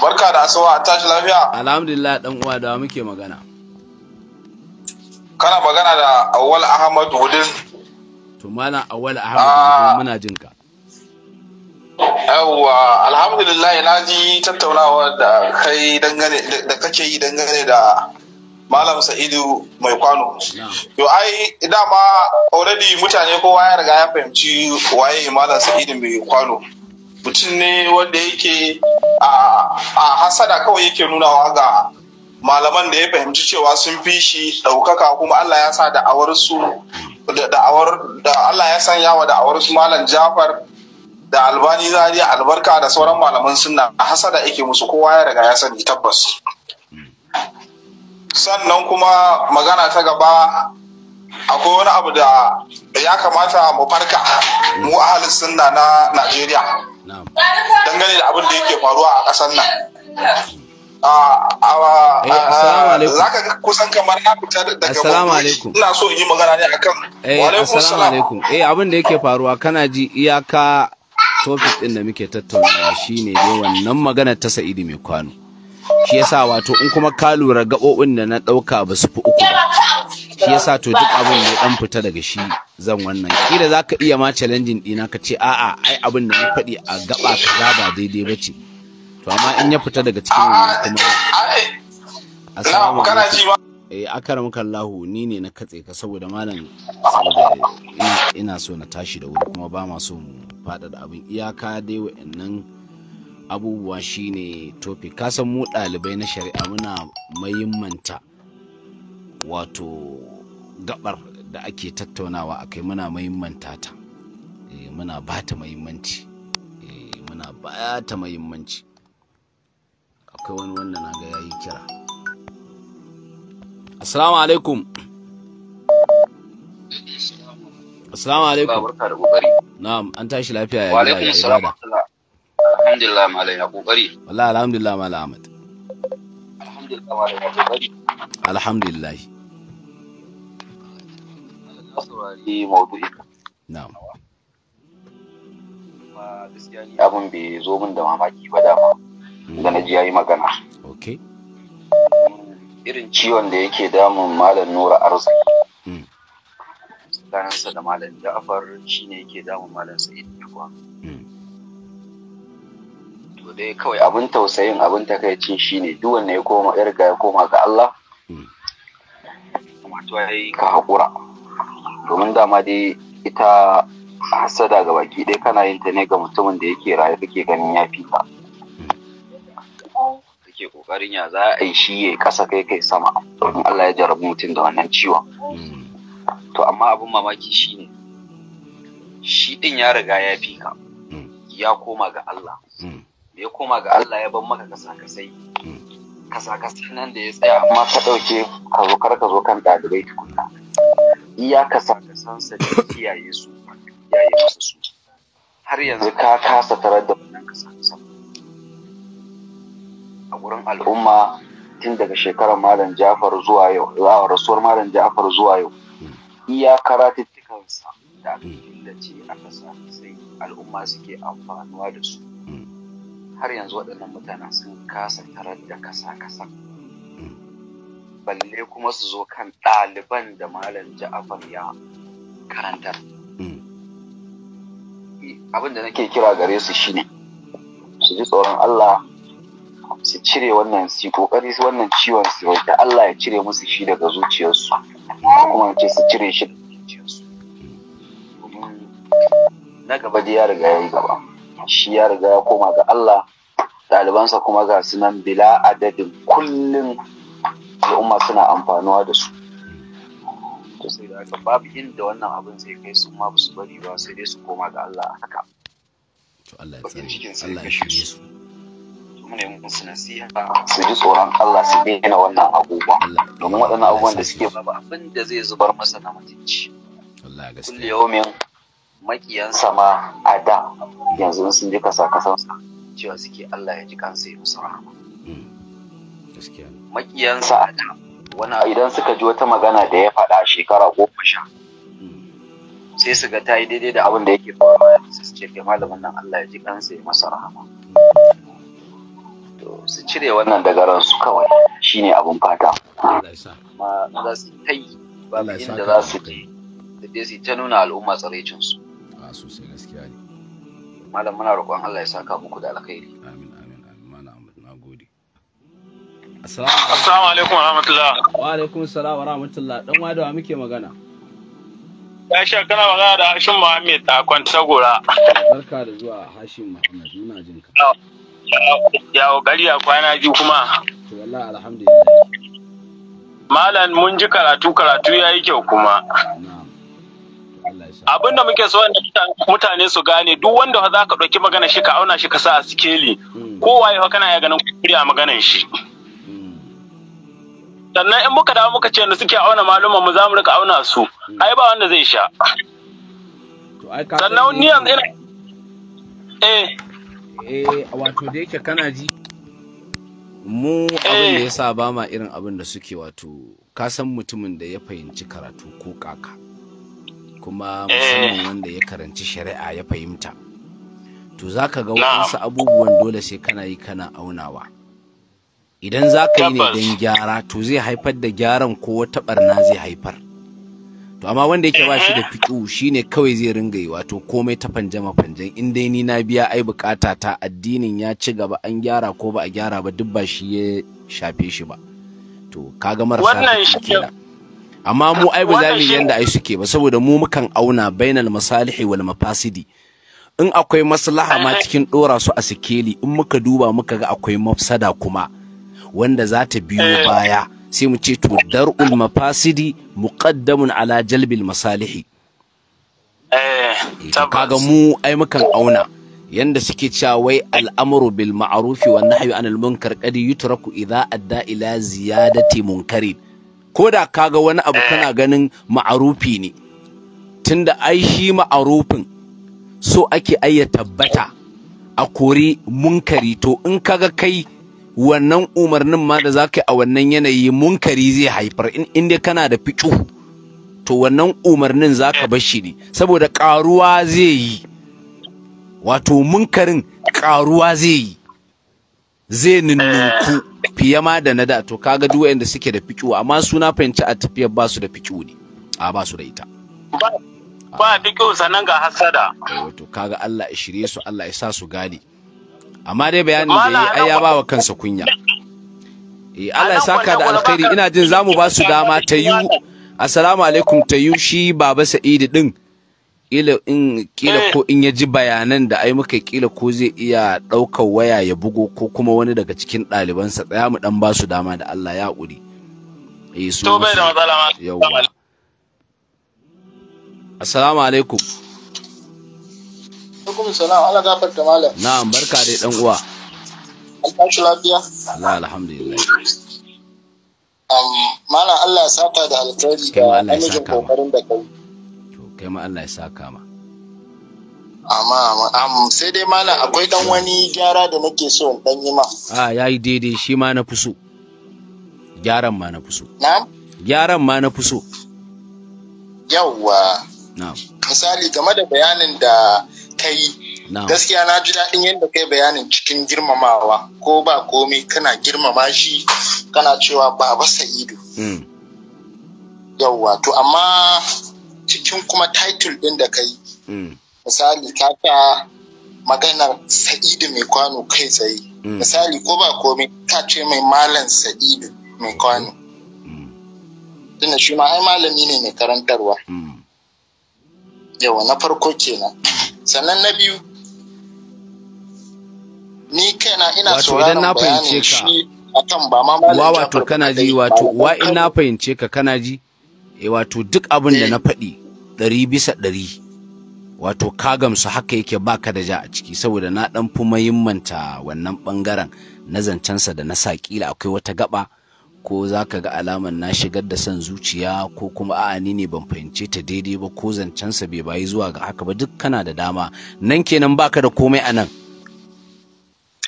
barka da asuwa a tashi lafiya alhamdulillah dan uwa da muke magana kana magana da awwal ahmad hudin to malam awwal ahmad muna jin ka yawwa alhamdulillah na ji tattaunawa da kai dangane da kake yi dangane da malam sa'idu mai kwano yo ai dama already mutane kowa ya riga ya fahimci waye malam sa'idu mai kwano mutum ne wanda yake a hasada kawai yake nunawa ga malaman da ya fahimci cewa sun fi shi ɗaukaka kuma Allah ya sa da'awar su da Allah ya sanya wa da'awar su malam Jafar da albani zaria albarka da sauran malaman suna a hasada ake musu kowa ya riga ya sani tabbas sannan kuma magana ta gaba akwai wani abu da ya kamata mu farka mu ahalin sunna na najeriya dangane da abin da yake faruwa a ƙasar nan eh, za ka ga kusan kamar na fita daga assalamu alaikum ina so in yi magana ne akan eh, wa alaikum eh abin da yake faruwa kana ji iyaka topic din da muke tattaunawa shine dai wannan magana ta Sa'idi mai kwano shi yasa wato in kuma ka lura gabobin da na ɗauka ba su fi uku ba shi yasa to duk abin da dan fita daga shi zan wannan kila zaka iya ma challenging dina ka ce a'a ai abin da na faɗi a gaba kaza ba daidai ba ce to amma in ya fita daga cikin wannan kuma assalamu alaikum eh akaramu Allahu ni ne na katse ka saboda malam ina so na tashi da wuri kuma ba ma so mu faɗaɗa abin iyaka dai wa'annan abubuwa shine topic kasan mu ɗalibai na shari'a muna mahimmanta wato gabar da ake tattaunawa a kai muna mahimmanta ta eh, muna ba ta mahimmanci eh, muna ba ta mahimmanci akwai wani wannan na ga yayi kira assalamu alaikum Assalamu alaikum. Barka da kokari. Na'am, an tashi lafiya ya Wa alaikum assalam. Alhamdulillah malam kokari. Wallahi alhamdulillah Ahmad. Alhamdulillah gaskiya ni bai zo min da mamaki ba dama. Hmm. Da na ji yayi magana. Okay. Irin ciwon da yake damun malam Nura Arziki. tsakaninsa da malam ja'afar ne yake damun malam sa'id kuwa hmm. to dai kawai abin tausayin abin takaicin ne duk wanda ya koma ya riga ya koma ga Allah wato hmm. yayi ka hakura domin dama dai ita hasada ga baki ɗaya kana yin ta ne ga mutumin da yake raye kake ganin ya fi ka hmm. kake kokarin ya za a yi shi ya kasa kai kai sama Allah ya jarabi mutum da wannan ciwon to amma abin mamaki shi ne. shi din ya riga ya fi ka hmm. ya koma ga Allah hmm. da ya koma ga Allah ya ban maka kasa-kasai hmm. kasa-kasai nan da ya tsaya amma ka ɗauke ka zo kar ka zo kan ɗalibai tukunna iya kasa-kasansa da kiyaye su yi masa su har yanzu ka kasa tarar da wannan kasa-kasan a gurin al'umma tun daga shekarar malam jafar zuwa yau rasuwar malam jafar zuwa yau iya karatuttukansa da da ce aka mm. sami sai al'umma suke amfanuwa da su mm. har yanzu waɗannan mutanen sun kasa tarar da kasa-kasa mm. balle kuma su zo kan ɗaliban da malam ja'afar ya karantar abin da nake kira gare su shine su ji tsoron Allah su cire wannan su kokari wannan ciwon su da Allah ya cire musu shi daga zuciyarsu kuma ce su cire shi daga na gaba dai ya riga ya yi gaba shi ya riga ya koma ga Allah ɗalibansa kuma ga nan bila adadin kullum al'umma suna amfanuwa da su to sai da babu inda wannan abin zai kai su ma ba su bari ba sai dai su koma ga Allah haka to Allah ya tsare Allah ya shirye su mune musu nasiha su ji tsoron Allah su daina wannan abubuwa domin waɗannan abubuwan da suke babu abin da zai zubar masa na mutunci kulli yaumin makiyansa ma a da yanzu sun ji kasa kasansa cewa suke Allah ya ji kansa ya musu rahama hmm. makiyansa a da wani idan suka ji wata magana da ya faɗa shekara goma sha hmm. sai su ga ta yi daidai da abin da yake faruwa sai su ce kai malamin nan Allah ya ji kansa ya masa rahama hmm. su cire wannan daga ransu kawai shine abun fata Amma za su ta yi babu inda za su je da dai su ta nuna al'umma tsaraicin su a sosai gaskiya ne malam muna roƙon Allah ya saka muku da alkhairi amin amin amin mana na gode assalamu alaikum wa rahmatullah wa alaikum salam wa rahmatullah dan wadawa muke magana Ya sha kana magana da Hashim Muhammad a Kwantagora. Barka da zuwa Hashim Muhammad, muna jin ka. ya kokari a kwana biyu kuma malam mun ji karatu karatu ya yi kyau kuma abin da muke so mutane su gane duk wanda za ka ɗauki magana shi ka auna shi ka sa a sikeli hmm. kowa yi kana ya ganin kuri a maganan shi hmm. sannan in muka dawo muka ce da suke auna maluma mu za mu rika auna su hmm. ai ba wanda zai sha sannan ni yanzu ina eh eh wato da yake kana ji mu abin da eh. ya sa ba ma irin abin da suke wato ka san mutumin da ya fahimci karatu ko kaka kuma musamman eh. wanda ya karanci shari'a ya fahimta to za ka ga wasu abubuwan dole sai kana yi kana aunawa idan za ka yi ne don gyara to zai haifar da gyaran ko wata barna zai haifar to amma wanda yake ba shi da eh. fiƙu shine kawai zai ringa yi wato komai ta fanjama fanjan in dai ni na biya ai bukata ta addinin ya ci gaba an gyara ko ba a gyara ba duk ba shi ya shafe shi ba to kaga marasa kenan amma mu ai ba za mu yanda ai suke ba saboda mu mukan auna bainal masalihi wal mafasidi in akwai maslaha ma eh. cikin dora su a sikeli in muka duba muka ga akwai mafsada kuma wanda za ta biyo eh. baya sai mu ce to dar'ul mafasidi muqaddamun ala jalbil masalihi eh kaga mu ai mukan auna yanda suke cewa wai al'amru bil ma'ruf wa nahyu anil munkar qad yutraku idha adda ila ziyadati munkari koda kaga wani abu eh. kana ganin ma'arufi ne tunda ai shi ma'arufin so ake ayyata tabbata a kori munkari to in kaga kai wannan umarnin ma da zaka yi a wannan yanayi munkari zai haifar in inda kana da fiƙo. to wannan umarnin zaka bar shi ne saboda karuwa zai yi wato munkarin karuwa zai yi zai ninninku fiye ma da na da to kaga duk wanda suke da fiƙo. amma suna fahimci a tafiyar ba su da fiƙo ne a ba su da ita ba fiƙo sannan ga hasada to kaga Allah ya shirye su Allah ya sa su gane amma dai bayanin da yi ai ya ba wa kansa kunya eh, Allah ya saka da alkhairi ina jin za mu ba su dama ta yi assalamu alaikum ta yi shi baba Sa'idu din kila in kila ko in ya ji bayanan da ai muka kila ko zai iya ɗaukar waya ya bugo ko kuma wani daga cikin ɗalibansa tsaya mu dan ba su dama da Allah ya ƙuri eh, su to bai da matsala ma assalamu alaikum alaikum salam ala gafarta malam na'am barka dai dan uwa an shi lafiya Allah alhamdulillah um Mana Allah ya saka da alkhairi da namijin kokarin da kai to kai ma Allah ya saka ma amma am sai dai mana akwai dan wani gyara da nake so in dan yi ma a yayi daidai shi ma na fuso, gyaran ma na fuso. so na'am gyaran ma na fi so yawwa misali game da bayanin da ka yi gaskiya na ji daɗin yadda kai bayanin cikin girmamawa ko ba komai kana girmama shi kana cewa baba sa'idu hmm. Yau wato amma cikin kuma titul ɗin da ka yi hmm. misali ka ta maganar sa'idu mai kwano kai tsaye hmm. misali ko ba komai ka ce mai malam sa'idu mai kwano tunda shi ma ai malami ne mai karantarwa Yau na farko kenan sannan na biyu ni kaina ina sauraron bayanin shi akan ba ma malam wato kana ji wato wa na fahimce ka kana ji eh wato duk abin da eh. na faɗi ɗari bisa ɗari wato ka gamsu haka yake baka da ja a ciki saboda na ɗan fi mahimmanta wannan ɓangaren na zancensa da na sa akwai wata gaba ko za ka ga alamar na shigar da son zuciya ko kuma a'a ni ne ban fahimce ta daidai ba ko zancensa bai bayi zuwa ga haka ba duk kana da dama nan kenan baka da komai a nan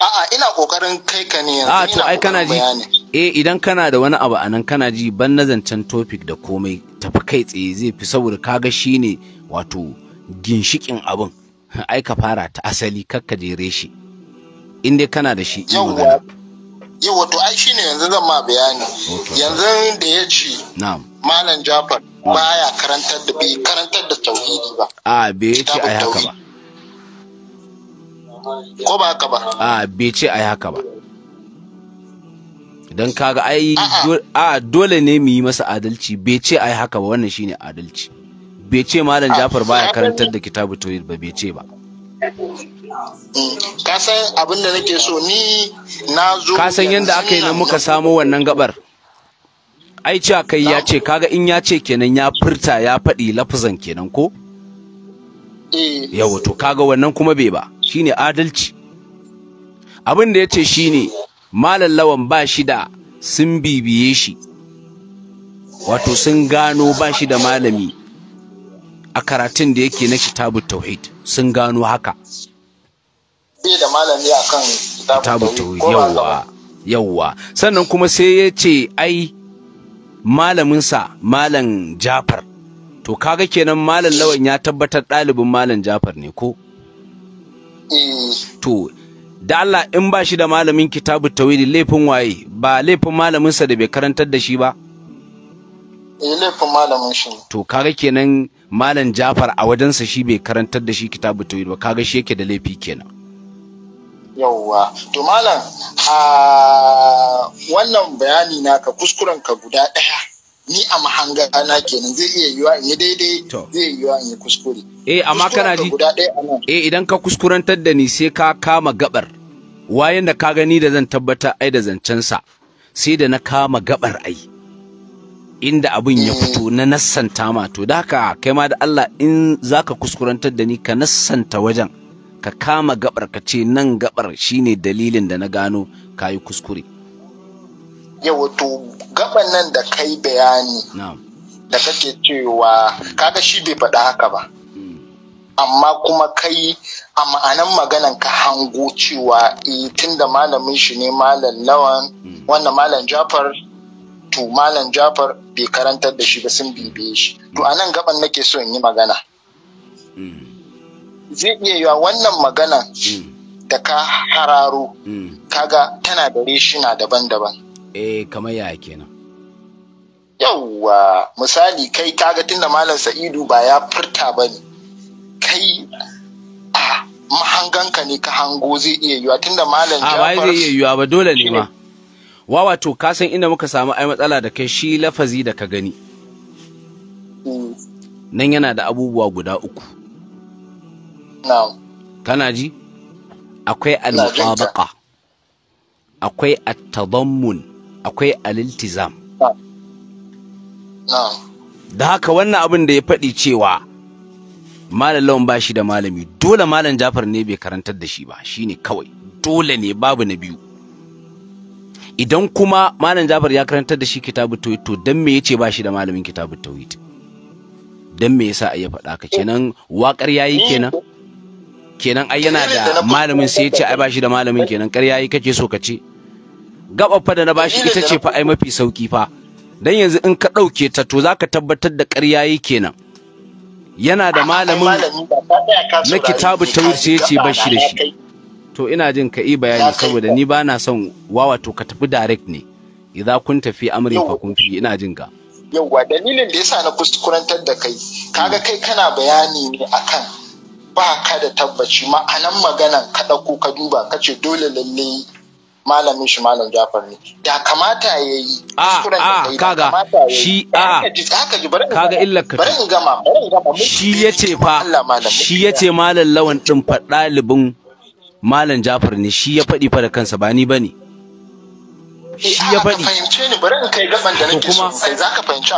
a'a ina kokarin kai ka ne yanzu a to ai kana ji eh idan kana da wani abu a nan kana ji ban na zancen topic da komai tafi kai tsaye zai fi saboda kaga shine wato ginshikin abin ai ka fara ta asali kakka jere shi Inde kana da shi yi wato ai shi ne yanzu zan ma bayani yanzu da ya ce malam jafar baya karantar da bai karantar da tauhidi ba a ah, bai ya ce ai haka ba ko ba haka ba a ah, bai ce ai haka ba don kaga ai a dole ne mu yi masa adalci bai ce ai haka ba wannan shine adalci bai ce malam jafar baya karantar da kitabu tauhid ba bai ce ba kasan abin da nake so ni na zo kasan yadda aka yi na muka samo wannan gabar ai ce kai ya ce kaga in ya ce kenan ya furta ya faɗi lafizan kenan ko eh. yawa to kaga wannan kuma bai ba shine adalci abin da ya ce shine malam lawan ba shi da sun bibiye shi wato sun gano ba shi da malami a karatun da yake na kitabut tauhid sun gano haka bai da malami akan kitabu tauhid yawa sannan kuma sai ya ce ai malaminsa malam Jafar to kaga kenan malam lawan ya tabbatar ɗalibin malam Jafar ne ko eh. to da Allah in ba shi da malamin kitabu tawili laifin waye ba laifin malaminsa da bai karantar da shi ba eh laifin malamin shi to kaga kenan malam Jafar a wajensa shi bai karantar da shi kitabu tawili ba kaga shi yake da laifi kenan yauwa to malam a wannan bayani ka kuskuren ka guda ɗaya ni a mahanga na kenan zai iya yiwa in yi daidai zai iya yiwa in yi kuskure eh amma kana ji eh idan ka kuskurantar da ni sai ka kama gabar wayan da ka gani da zan tabbata ai da zancensa sai da na kama gabar ai inda abin ya mm. fito na nassanta ma to da haka kai ma da Allah in zaka kuskurantar da ni ka nassanta wajen ka kama gabar ka ce nan gabar shine dalilin da na gano ka yi kuskure yawa to gaban nan da kai bayani da kake cewa kaga shi bai faɗa haka ba hmm. amma kuma kai a ma'anan maganan ka hango cewa eh, tun da malamin shi ne malam lawan hmm. wannan malam jafar to malam jafar bai karantar da shi ba sun bibiye shi to a nan gaban nake so in yi magana hmm. zai iya yiwa wannan magana mm. da ka hararo mm. kaga tana da reshina daban-daban eh kamar ya kenan yawwa misali kai kaga tunda malam sa'idu ba ya furta ba ne kai a mahanganka ne ka hango zai iya yiwa tunda malam jafar a bai zai iya yiwa ba dole ne ma wa wato ka san inda muka samu ai matsala da kai shi lafazi da ka gani mm. nan yana da abubuwa guda uku kana ji akwai al-mutabaqa akwai at-tadammun akwai al-iltizam da haka wannan abin da ya faɗi cewa malam lawan ba shi da malami dole malam jafar ne bai karantar da shi ba shine kawai dole ne babu na biyu idan kuma malam jafar ya karantar da shi kitabu tauhid to dan me yace ba shi da malamin kitabu tauhid dan me yasa ya faɗa ka kenan waƙar yayi kenan kenan ai yana da malamin sai ya ce ai bashi da malamin kenan ƙarya yi kake so ka ce gaba fa da na bashi ita ce fa ai mafi sauki fa dan yanzu in ka ɗauke ta to zaka tabbatar da ƙarya yi kenan yana da malamin na kitabu tawhid sai ya ce bashi da shi to ina jin ka yi bayani saboda ni ba na son wawa to ka tafi direct ne idan kun tafi amrin fa kun fi ina jin ka yauwa dalilin da yasa na kuskurantar da kai kaga hmm. kai kana bayani ne akan ba ka da tabbaci ma'anan maganan ka ɗauko ka duba ka ce dole lalle malamin shi malam jafar ne da kamata ya yi ah, a ah, kaga shi ah, illar ka shi ya malam lawan din fa malam jafar ne shi ya faɗi fa da kansa ba ni bane shi eh, ya faɗi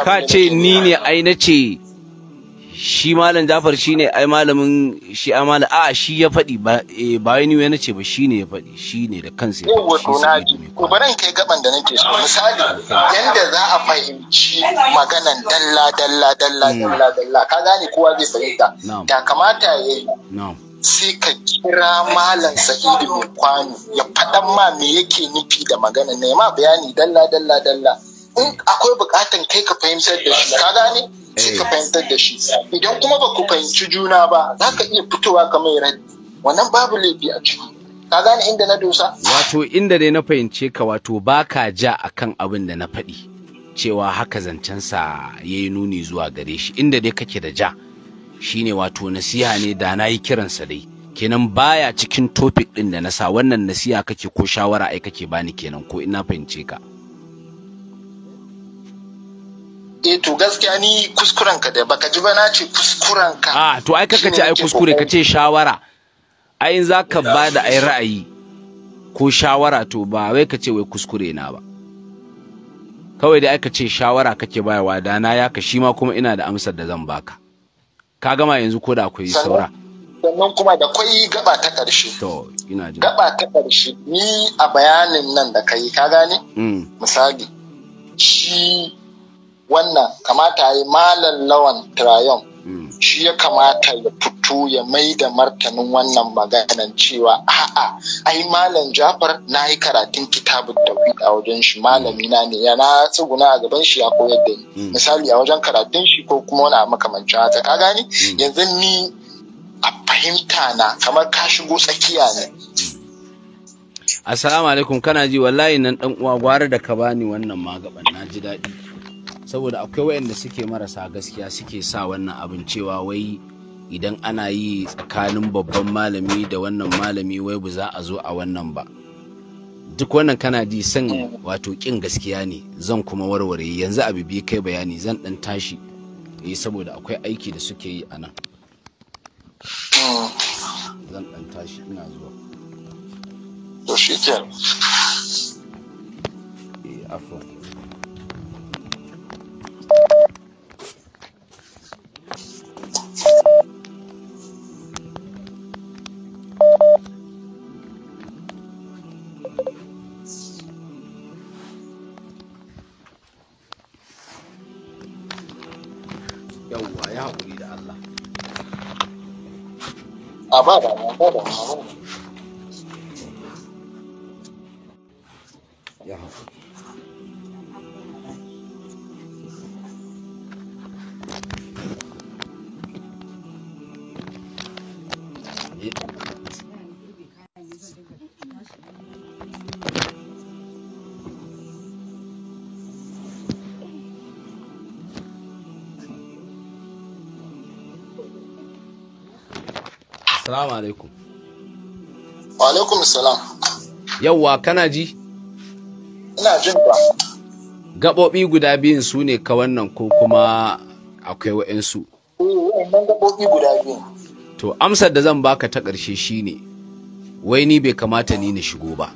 ka ce ni ne ai nace shi malam jafar shi ne ai malamin shi a malam a shi ya faɗi ba eh, wani ni na ce ba shi ne ya faɗi shi ne da kansa ya faɗi shi sai ko kai gaban da nake so misali yadda za a fahimci maganan dalla dalla dalla hmm. dalla dalla ka gane kowa zai fahimta da kamata yi sai ka kira malam sa'idu mai kwano ya faɗan ma me yake nufi da magana ne ma bayani dalla dalla dalla in akwai bukatan kai ka fahimtar da shi ka gane sai ka eh. fahimtar da shi idan kuma ba ku fahimci juna ba za ka iya fitowa ka mai rai wannan babu laifi a ciki ka gane inda na dosa wato inda dai na fahimce ka wato ba ka ja akan abin da na faɗi cewa haka zancensa ya yi nuni zuwa gare shi inda dai kake da ja shine wato nasiha ne da na yi kiransa dai kenan baya cikin topic din da na sa wannan nasiha kake ko shawara ai kake bani kenan ko ina fahimce ka eh to gaskiya ni kuskuren ka da baka ji ba na ce kuskuren ka ah to ai kaka ce ai kuskure ka ce shawara ai in zaka ba da ai ra'ayi ko shawara to ba wai ka ce wai kuskure na ba kawai dai aka ce shawara kake bayarwa da na ka shi ma kuma ina da amsar da zan baka ka gama yanzu ko da akwai saura sannan kuma da kwai gaba ta ƙarshe to ina jin gaba ta ƙarshe ni a bayanin nan da kai ka gane mm. misali shi wannan kamata ya yi malam lawan trayon hmm. shi ya kamata ya fito ya mai da martanin wannan maganan cewa a'a ai malam jafar na yi karatun kitabun tauhid a wajen shi malami na ne yana tsuguna a gaban shi ya koyar da ni hmm. misali a wajen karatun shi ko kuma wani makamancin haka ka gani hmm. yanzu ni a fahimta na kamar ka shigo tsakiya ne assalamu alaikum kana ji wallahi nan dan uwa gwara da ka bani wannan magaban na ji daɗi saboda akwai wayanda suke marasa gaskiya suke sa wannan abin cewa wai idan ana yi tsakanin babban malami da wannan malami wai ba za a zo a wannan ba duk wannan kana ji san wato kin gaskiya ne zan kuma warware yanzu abu biyu kai bayani zan dan tashi eh saboda akwai aiki da suke yi a nan zan dan tashi ina zuwa to shi eh afwan 慢点啊，慢点 Assalamu alaikum. Wa alaikum salam. Yawwa kana ji? Ina jin ba. Gaɓoɓi guda biyun su ne ka wannan ko kuma akwai wa'insu. Eh, guda To amsar da zan baka ta ƙarshe shine wai ni bai kamata ni na shigo ba.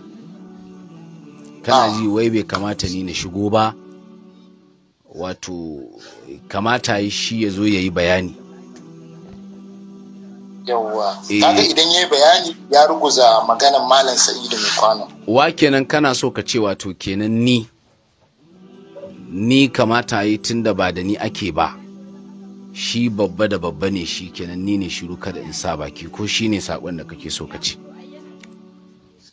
Kana ah. ji wai bai kamata ni na shigo ba. Wato kamata shi ya zo ya yi bayani. yawwa eh. kaga idan yayi bayani ya ruguza maganan malam sa'idu mai kwano wa kenan kana so ka ce wato kenan ni ni kamata yi tun da ba da ni ake ba shi babba da babba ne shi kenan ni ne shiru kada in sa baki ko shi ne saƙon da kake so ka ce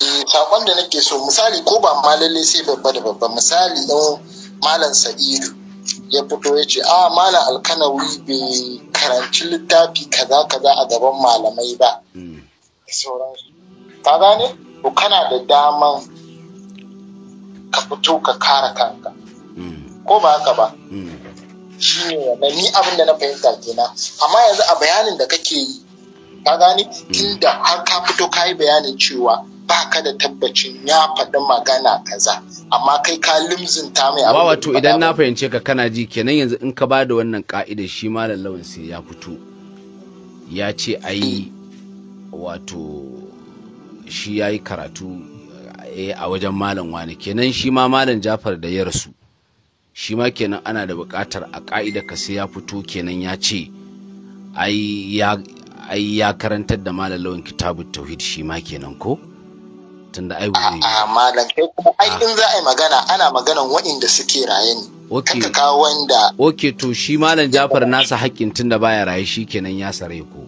eh, saƙon da nake so misali ko ba ma lallai sai babba da babba misali ɗan malam sa'idu ya fito ya ce a ah, mana alkanawi bai karanci littafi kaza kaza a gaban malamai ba hmm. sauransu ta gane to kana da daman ka fito ka kare kanka hmm. ko ba haka ba hmm. shi ne wanda ni abin da na fahimta kenan amma yanzu a bayanin da kake yi ka gane tunda har ka fito ka yi bayanin cewa ba ka da tabbacin ya faɗi magana kaza amma kai ka limzinta mai abu wato idan na fahimce ka kana ji kenan yanzu in ka bada wannan ka'idar shi malam lawan sai ya fito ya ce ai eh. wato shi ya yi karatu eh, a wajen malam wani kenan shi ma malam jafar da ya rasu shi ma kenan ana da buƙatar a ka'ida ka sai ya fito kenan ya ce ai ya karantar da malam lawan kitabun tauhid shi ma kenan ko? tunda ai wuri a malam kai kuma ai ah. in za a yi magana ana maganan waɗanda suke raye ne okay ka kawo wanda Oke to shi malam Jafar nasa haƙƙin tunda baya raye shikenan ya sare ko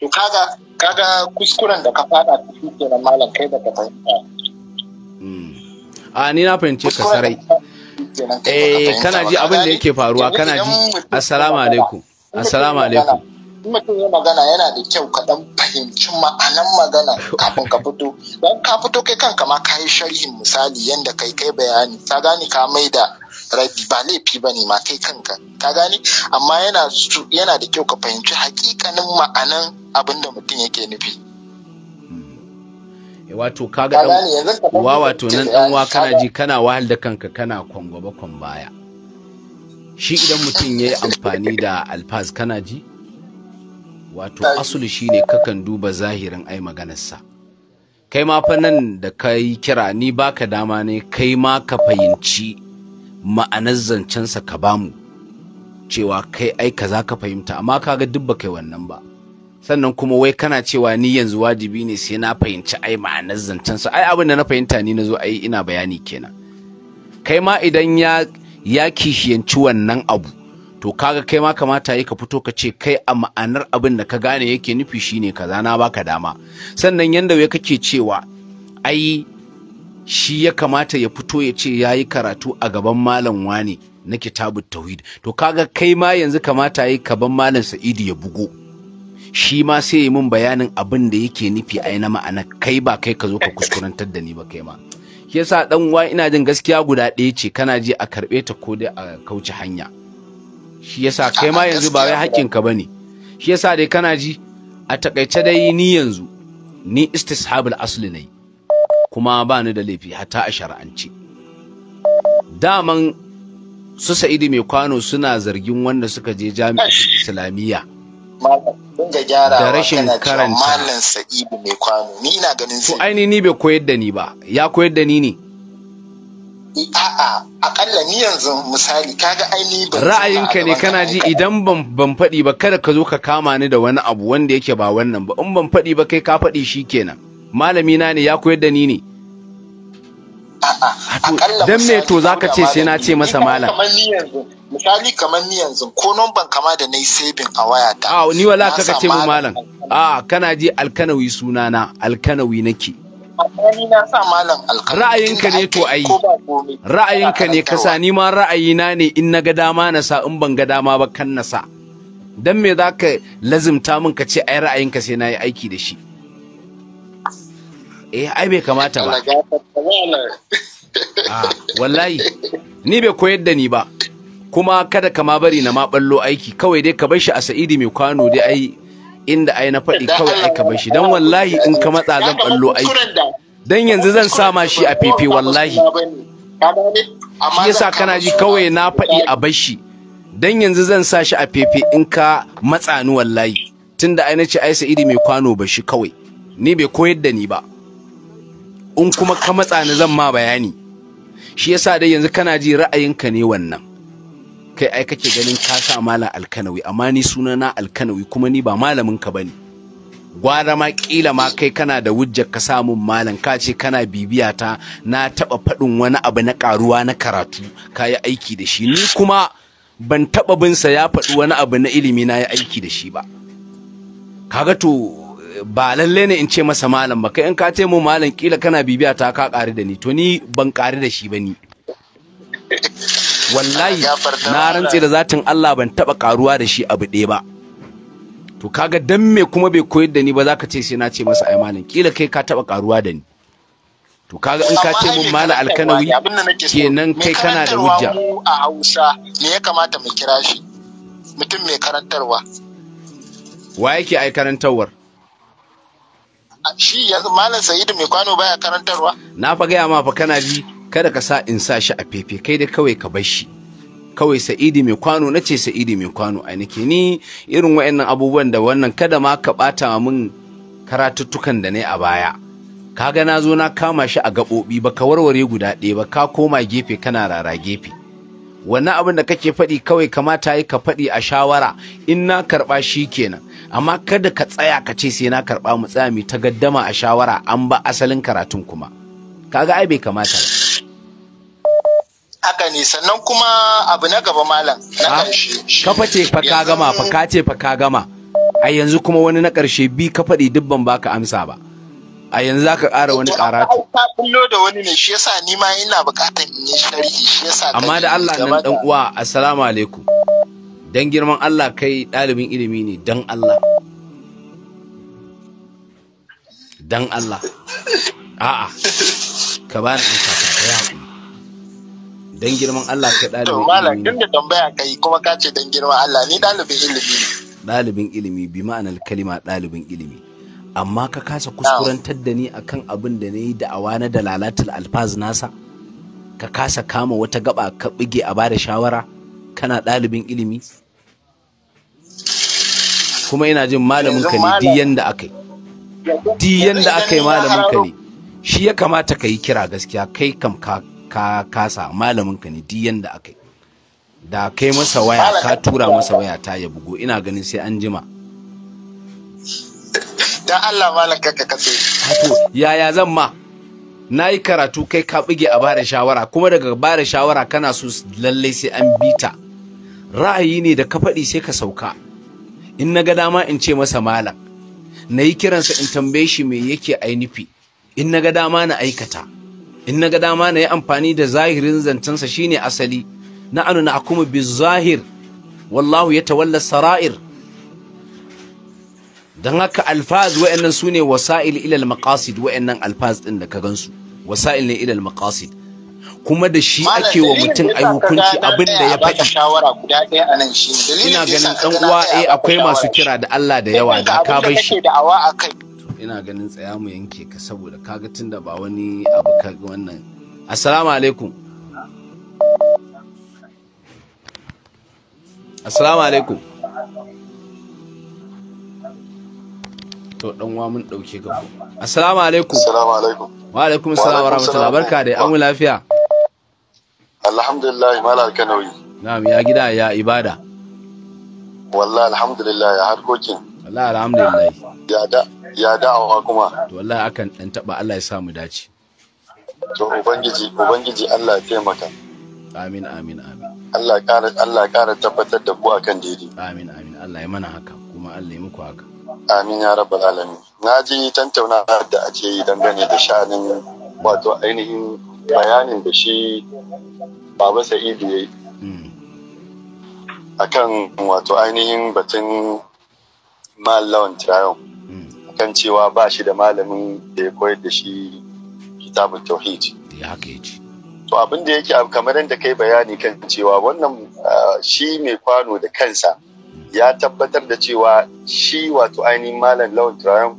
to kaga kaga kuskuren da ka fada kenan malam kai da ka fahimta hmm. a ni na fahimce ka sarai eh kana ji abin da yake faruwa kana ji assalamu alaikum assalamu alaikum mutum ya magana yana da kyau ka dan fahimci ma'anan magana kafin ka fito don ka fito kai kanka ma ka yi sharhin misali yanda kai kai bayani ka gane ka mai da rabi ba laifi ba ne ma kai kanka ka gane amma yana yana da kyau ka fahimci hakikanin ma'anan abin da mutum yake nufi hmm. wato kaga ɗan wa wato nan dan wa kana ji kana wahal da kanka kana kwangwaba kwan baya shi idan mutum ya yi amfani da alfaz kana ji wato asulu shine kakan duba zahirin ai maganarsa kai ma fa nan da ka yi kira ni baka dama ne kai ma ka fahimci ma'anar zancensa ka bamu cewa kai ai kaza ka fahimta amma kaga duk ba kai wannan ba sannan kuma wai kana cewa ni yanzu wajibi ne sai na fahimci ai ma'anar zancensa ai abin da na fahimta ni na zo ai ina bayani kenan kai ma idan ya ya kishiyanci wannan abu to kaga kai ma kamata yi ka fito ka ce kai a ma'anar abin da ka gane yake nufi shine kaza na baka dama sannan yanda wai kake cewa ai shi ya kamata ya fito ya ce ya yi karatu a gaban malam wane na kitabut tauhid to kaga kai ma yanzu kamata yi ka ban malam Sa'idu ya bugo shi ma sai ya min bayanin abin da yake nufi ai na ma'ana kai ba kai ka zo ka kuskurantar da ni ba kai ma yasa dan uwa ina jin gaskiya guda ɗaya ce kana ji a karɓe ta ko dai a kauce hanya shi yasa kai ma yanzu ba wai haƙƙinka ba ne shi yasa dai kana ji a takaice dai ni yanzu ni istishabul asli ne kuma ba ni da laifi hatta a shar'ance daman su sa'idi mai kwano suna zargin wanda suka je jami'ar islamiyya da rashin karanta malam sa'idi mai kwano ni ina ganin aini ni bai koyar da ni ba ya koyar da ni ne a'a akalla ni yanzu misali kaga aini ba ra'ayinka ne kana ji idan ban ban faɗi ba kada ka zo ka kama ni da wani abu wanda yake ba wannan ba in ban faɗi ba kai ka faɗi shikenan malami na ne ya koyar da ni ne a'a dan me to zaka ce sai na ce masa malam misali kamar ni yanzu ko ban kama da nayi saving a ta a ni wala ka ce mu malam a kana ji alkanawi sunana alkanawi nake ra'ayinka ne to ayi ra'ayinka ne kasa, sa ni ma ra'ayina ne in na ga dama na sa in ban ga dama ba kan na sa dan me za ka lazimta min ka ce ai ra'ayinka sai na yi aiki da shi eh ai bai kamata ba ah, wallahi ni bai koyar da ni ba kuma kada ka ma bari na ma ballo aiki kawai dai ka bar shi a sa'idi mai kwano dai ai inda ai na faɗi kawai ai ka bar shi dan wallahi in ka matsa zan ballo aiki dan yanzu zan sama shi a fefe wallahi shi yasa kana ji kawai na faɗi a bashi. dan yanzu zan sa shi a fefe in ka matsa ni wallahi tunda ai nace ai Sa'idi mai kwano ba shi kawai ni bai koyar da ni ba in kuma ka matsa ni zan ma bayani shi yasa dai yanzu kana ji ra'ayinka ne wannan kai ai kake ganin ka sa malam alkanawi amma ni suna na alkanawi kuma ni ba malamin ka bane gwara ma kila ma kai kana da wujjar ka samun malam ka ce kana bibiya ta na taba faɗin wani abu na karuwa na karatu kai yi aiki da shi ni kuma ban taba bin sa ya faɗi wani abu na ilimi na ya aiki da shi ba kaga to ba lalle ne in ce masa malam ba kai in ka ce mu malam kila kana bibiya ta ka kare da ni to ni ban kare da shi ba ni wallahi na rantse da zatin Allah ban taba karuwa da shi abu ɗaya ba to kaga dan me kuma bai koyar da ni ba zaka ce sai na ce masa ai malam kila kai ka taba karuwa da ni to kaga in ka ce mun malam alkanawi kenan kai kana da hujja a Hausa me ya kamata mu kira shi mutum mai karantarwa wa yake ai karantarwar shi yanzu malam Sa'idu mai kwano baya karantarwa na fa gaya ma fa kana bi kada ka sa in sa shi a fefe kai da kawai ka bar shi kawai sa'idi mai kwano na ce sa'idi mai kwano a nake ni irin wa'annan abubuwan da wannan kada ma ka bata min karatuttukan da ne a baya kaga na zo na kama shi a gaɓoɓi ba ka warware guda ɗaya ba ka koma gefe kana rara gefe wannan abin da kake faɗi kawai kamata yi ka faɗi a shawara in na karɓa shi kenan amma kada ka tsaya ka ce sai na karɓa mu tsaya mu ta gaddama a shawara an ba asalin karatun kuma kaga ai bai kamata ba haka ne sannan kuma abu na gaba malam na ah, ƙarshe kafa ce fa ka gama fa ka ce fa ka gama a yanzu kuma wani na ƙarshe bi ka faɗi dubban baka amsa ba a yanzu za ka ƙara wani ƙaratu. ta bullo da wani ne shi yasa ni ma ina buƙatar in yi sharhi shi yasa amma da Allah nan dan uwa assalamu alaikum dan girman Allah kai ɗalibin ilimi ne dan Allah dan Allah a'a ka bani amsa dan girman Allah ka ɗalibin ilimi. To tun da tambaya kai kuma ka ce dan girman Allah ni ɗalibin ilimi. Ɗalibin ilimi bi ma'anar kalima ɗalibin ilimi. Amma ka kasa kuskurantar da ni akan abin da na yi da'awa na dalalatul alfaz nasa. Ka kasa kama wata gaba ka bige a bada shawara kana ɗalibin ilimi. Kuma ina jin malamin ka ne di yanda aka yi. yanda aka yi malamin ka ne. Shi ya kamata ka yi kira gaskiya kai kam ka ka kasa malamin ka ne di yanda akai da kai masa waya ka tura masa waya ta ya bugo ina ganin sai an jima dan Allah malam ka ka hato yaya zan ma na yi karatu kai ka bige a bada shawara kuma daga bada shawara kana so lalle sai an bi ta. ra'ayi ne da ka faɗi sai ka sauka in na ga dama in ce masa malam na yi kiransa in tambaye shi me yake ainihi in na ga dama na aikata in na ga dama na yi amfani da zahirin zancensa shine asali na anu na kuma bi zahir wallahu ya tawalla sara'ir don haka alfaz wa'annan su ne wasa'il ilal maqasid wa'annan alfaz ɗin da ka gansu wasa'il ne ilal maqasid kuma da shi ake wa mutum a hukunci abin da ya faɗi ina ganin ɗan uwa eh akwai masu kira da Allah da yawa da ka bai shi ina ganin tsaya mu yanke ka saboda kaga tunda ba wani abu ka wannan assalamu alaikum assalamu alaikum to dan uwa mun dauke ka ku assalamu alaikum assalamu alaikum wa alaikum assalam wa rahmatullahi barka dai an lafiya alhamdulillah malal kanawi na'am ya gida ya ibada wallahi alhamdulillah ya harkokin Allah alhamdulillah ya da ya awa kuma to Allah akan dan taba Allah ya sa mu dace to ubangiji ubangiji Allah ya taimaka amin amin amin Allah ƙara Allah ƙara tabbatar da ku akan daidai amin amin Allah ya mana haka kuma Allah ya muku haka amin ya rabbal alamin na ji tantauna da ake yi dangane da sha'anin wato ainihin bayanin da shi baba sa'idu ya yi hmm. akan wato ainihin batun Lawan Trayon hmm. kan cewa ba shi da malamin da ya koyar da shi kitabun tauhid to abin da yake kamar yadda kai bayani kan cewa wannan ah, shi mai kwano da kansa ya tabbatar da cewa shi wato ainihin malam lawan trayon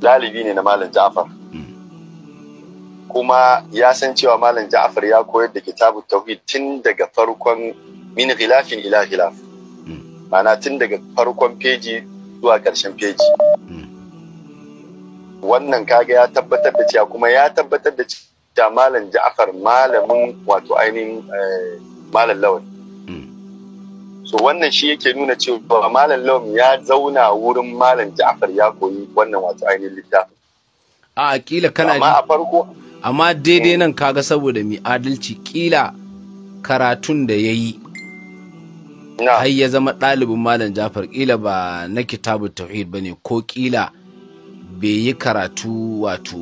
lalibi ne na malam ja'far hmm. kuma ya san cewa malam ja'far ya koyar da kitabun tauhid tun daga farkon min ghilafin ila ghilaf hmm. ma'ana tun daga farkon feji zuwa ƙarshen feji wannan kaga ya tabbatar da cewa kuma ya tabbatar da cewa malam ja'afar malamin wato ainihin eh, malam lawan so wannan shi yake nuna cewa malam lawan ya zauna wurin malam ja'afar ya koyi wannan wato ainihin littafin a kila kana amma a farko amma daidai mm. nan kaga saboda mai adalci kila karatun da ya yi har ya zama ɗalibin malam jafar ƙila ba na kitabu tauhid ba ne ko ƙila bai yi karatu wato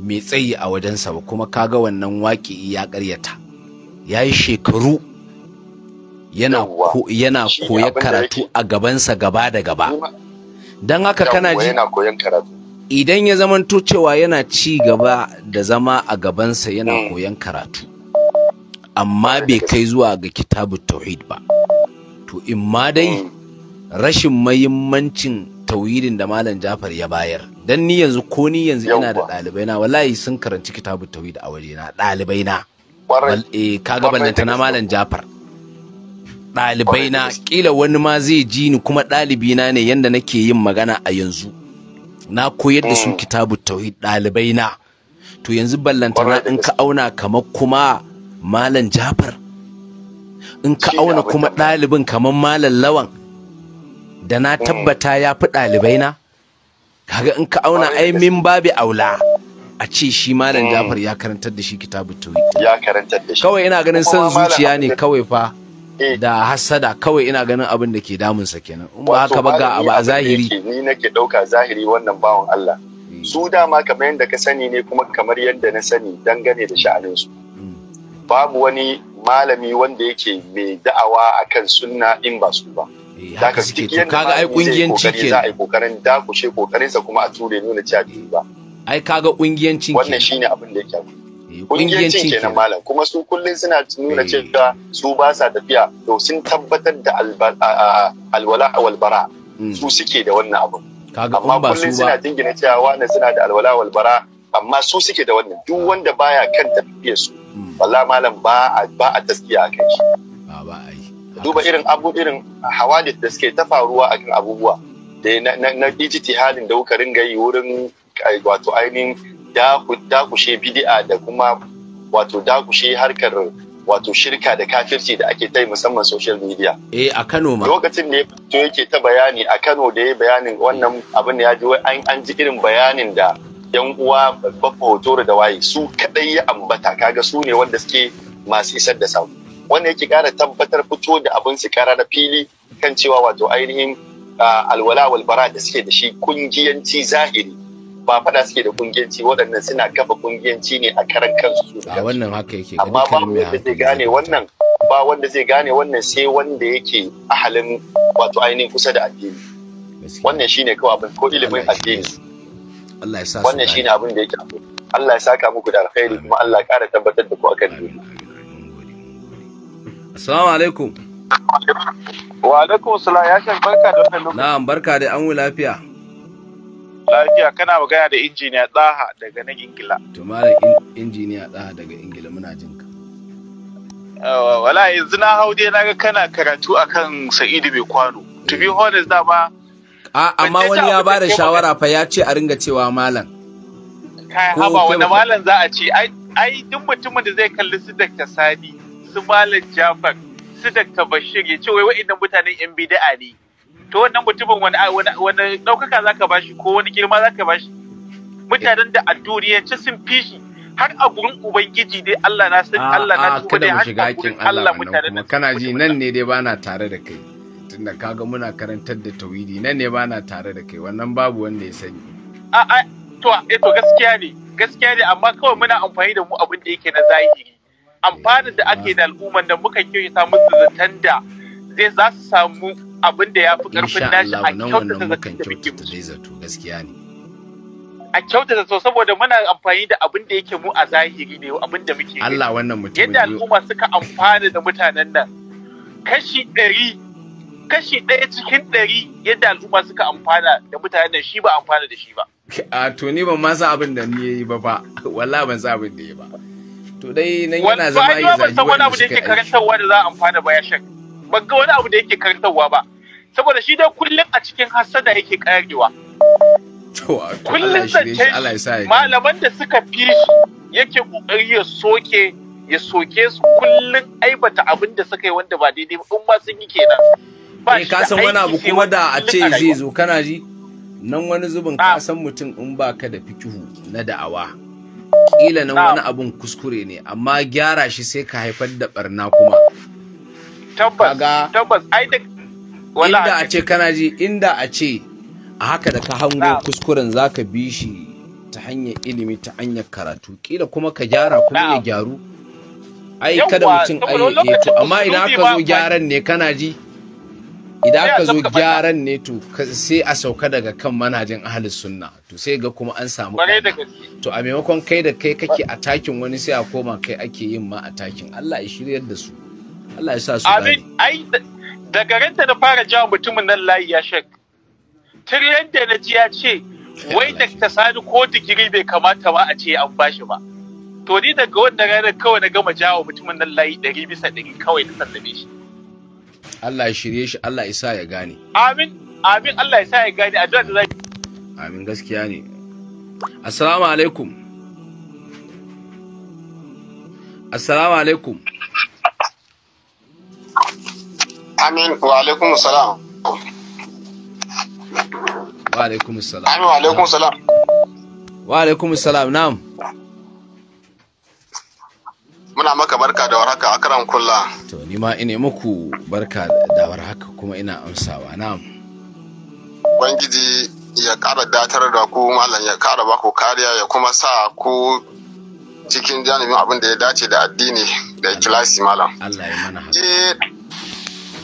mai tsayi a wajensa ba kuma kaga wannan waƙi ya ƙaryata ya yi shekaru yana koya karatu a gabansa gaba da gaba don haka kana ji idan ya zamanto cewa yana ci gaba da zama a gabansa yana mm. koyan karatu amma bai kai zuwa ga kitabu tauhid ba to in ma dai hmm. rashin mahimmancin tauhidin da malam Jafar ya bayar dan ni yanzu ko ni yanzu ina da ɗalibai na wallahi sun karanci kitabu tauhid a waje na ɗalibai na kaga eh, ballanta na malam Jafar ɗalibai na kila wani ma zai ji ni kuma ɗalibi na ne yanda nake yin magana a yanzu na koyar da su hmm. kitabu tauhid ɗalibai na to yanzu ballanta in ka auna kamar kuma malam jafar in ka auna kuma ɗalibin kamar malam lawan da na mm. tabbata ya fi ɗalibai na kaga in ka auna ai min babi aula a ce shi malam mm. jafar ya karantar da shi kitabu tawhid ya karantar da shi kawai ina ganin san zuciya ne kawai fa eh. da hasada kawai ina ganin abin da ke damunsa kenan in ba haka ba ga abu a zahiri ni nake dauka zahiri wannan bawan Allah mm. su dama kamar yadda ka sani ne kuma kamar yadda na sani dangane da sha'aninsu babu wani malami wanda yake mai da'awa akan sunna in ba su ba eh, haka suke to kaga ai kungiyanci ke za a yi kokarin dakushe kokarin sa kuma a ture nuna cewa bai ba ai kaga kungiyanci ke wannan shine abin da yake Kungiyancin eh, kenan malam kuma su kullun suna nuna eh. cewa su ba sa tafiya to sun tabbatar da alwala wal bara hmm. su suke da wannan abin amma kullun suna jingina cewa wannan suna da alwala wal bara amma su suke da wannan duk ah. wanda baya kan tafiyar su Wallah malam ba a ba a taskiya shi ba ba ai duba irin abu irin hawadith da suke ta faruwa akan abubuwa da na halin da kuka ringa yi wurin wato ainihin dakushe bidi'a da kuma wato dakushe harkar wato shirka da kafirci da ake ta musamman social media. Eh a Kano ma. Lokacin da to yake ta bayani a Kano da ya bayanin wannan abin da ya ji an ji irin bayanin da yan uwa babba hoto da waye su kadai ya ambata kaga su ne wanda suke masu isar da samu wanda yake kara tabbatar fito da abin su kara da fili kan cewa wato ainihin alwala walbara da suke da shi kungiyanci zahiri ba fada suke da kungiyanci waɗannan suna kafa kungiyanci ne a karan kansu su wannan haka yake amma ba wanda zai gane wannan ba wanda zai gane wannan sai wanda yake ahalin wato ainihin kusa da addini wannan shine kawai abin ko ilimin addini Allah ya sa wannan shine abin da yake Allah ya saka muku da alkhairi kuma Allah ya ƙara tabbatar da ku akan duniya Assalamu alaikum Wa alaikum salam ya shan barka da wannan lokaci Na'am barka da an lafiya Lafiya kana magana da injiniya Tsaha daga nan Ingila To malam injiniya Tsaha daga Ingila muna jin ka Wala yanzu na hau dai naga kana karatu akan Sa'idu Bai Kwano To be honest dama a amma wani ya bada shawara fa ya ce a ringa cewa malam kai haba wani malam za a ce ai duk mutumin da zai kalli su da Sani su malam Jafar su da Bashir ya ce wai wa'annan mutanen yan bid'a ne to wannan mutumin wani wani daukaka zaka bashi ko wani girma zaka bashi mutanen da a ce sun fi shi har a gurin ubangiji dai Allah na san Allah na tuba dai har a gurin Allah mutanen kana ji nan ne dai bana tare da kai din kaga muna karantar da tauhidi nan ne bana tare da kai wannan babu wanda ya sani a a to eh to gaskiya ne gaskiya ne amma kawai muna amfani da mu abin da yake na zahiri amfani da ake da al'umman da muka ta musu zaton da zai za su samu abin da ya fi karfin nashi a kyautata zaton da muke gaskiya ne a kyautata so saboda muna amfani da abin da yake mu a zahiri ne abin da muke Allah wannan mutum yadda al'umma suka amfana da mutanen nan kashi ɗari kashi ɗaya cikin ɗari yadda al'umma suka amfana da mutanen shi ba amfana da shi ba. A to ni ban masa abin da ni yayi ba ba, Wala ban sa abin da yi ba. To dai nan yana zama ya zaji wani abu da yake karantarwa da za a amfana ba ya shan. Ban ga wani abu da yake karantarwa ba. Saboda shi dai kullum a cikin hasada yake ƙayarewa. Kullum zancen malaman da suka fi shi yake ƙoƙari ya soke ya soke su kullum aibata abin da suka yi wanda ba daidai ba in ma sun yi kenan. ba eh, ka san wani abu kuma da a ce zai zo kana ji nan wani zubin ka san mutum in ba ka da fikihu na da'awa kila nan wani abun kuskure ne amma gyara shi sai ka haifar da barna kuma tabbas inda a ce kana ji inda a ce a haka da ka hango kuskuren zaka bi shi ta hanyar ilimi ta hanyar karatu kila kuma ka gyara kuma ya gyaru ai kada mutum ai amma idan aka zo gyaran ne kana ji idan aka zo gyaran ne to sai a sauka daga kan manhajin ahli sunna to sai ga kuma an samu to a maimakon kai da kai kake a takin wani sai a koma kai ake yin ma a takin Allah ya shiryar da su Allah ya sa su amin ai daga ranta na fara jawo mutumin nan layi ya shek tiryan da na ji ya ce wai da sadu ko digiri bai kamata ba a ce an bashi ba to ni daga wannan ranar kawai na gama jawo mutumin nan layi ɗari bisa ɗari kawai na sallame shi Allah ya shirye shi Allah ya sa ya gane amin amin Allah ya sa ya gane a da zaki amin gaskiya ne assalamu alaikum assalamu alaikum amin wa alaikum salam wa alaikum salam wa alaikum salam wa alaikum salam na'am Muna maka barka da warhaka karan kulla. To ni ma ina muku barka da warhaka kuma ina amsawa na. Ubangiji ya ƙara datar da ku malam ya ƙara baku kariya ya kuma sa ku cikin janibin abin da ya dace da addini da ikilasi malam. Allah ya mana eh,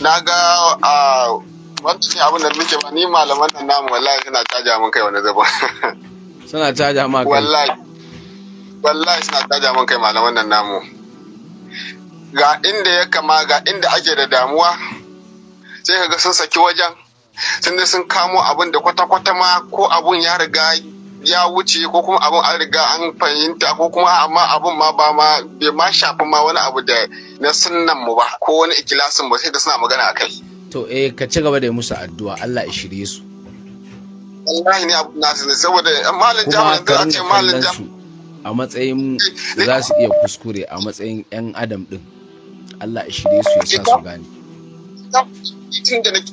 Na ga a wani abin da muke ba ni malaman nan namu wallahi suna caja mun kai wani zaba. Suna caja ma kai. Wallahi. Wallahi suna caja mun kai malaman nan namu. ga inda ya kama ga inda ake da damuwa sai ka ga sun saki wajen sun da sun kamo abin da kwata-kwata ma ko abin ya riga ya wuce ko kuma abin an riga an fahimta ko kuma amma abin ma ba ma bai ma shafi ma wani abu da na sunan mu ba ko wani ikilasin ba sai da suna magana a kai. To eh ka ci gaba da yi musu addu'a Allah ya shirye su. Wallahi ne abu nasu ne saboda malin jama'a da a ce malin jama'a. A matsayin za su iya kuskure a matsayin 'yan adam din. Allah ya shirye su ya sa su gane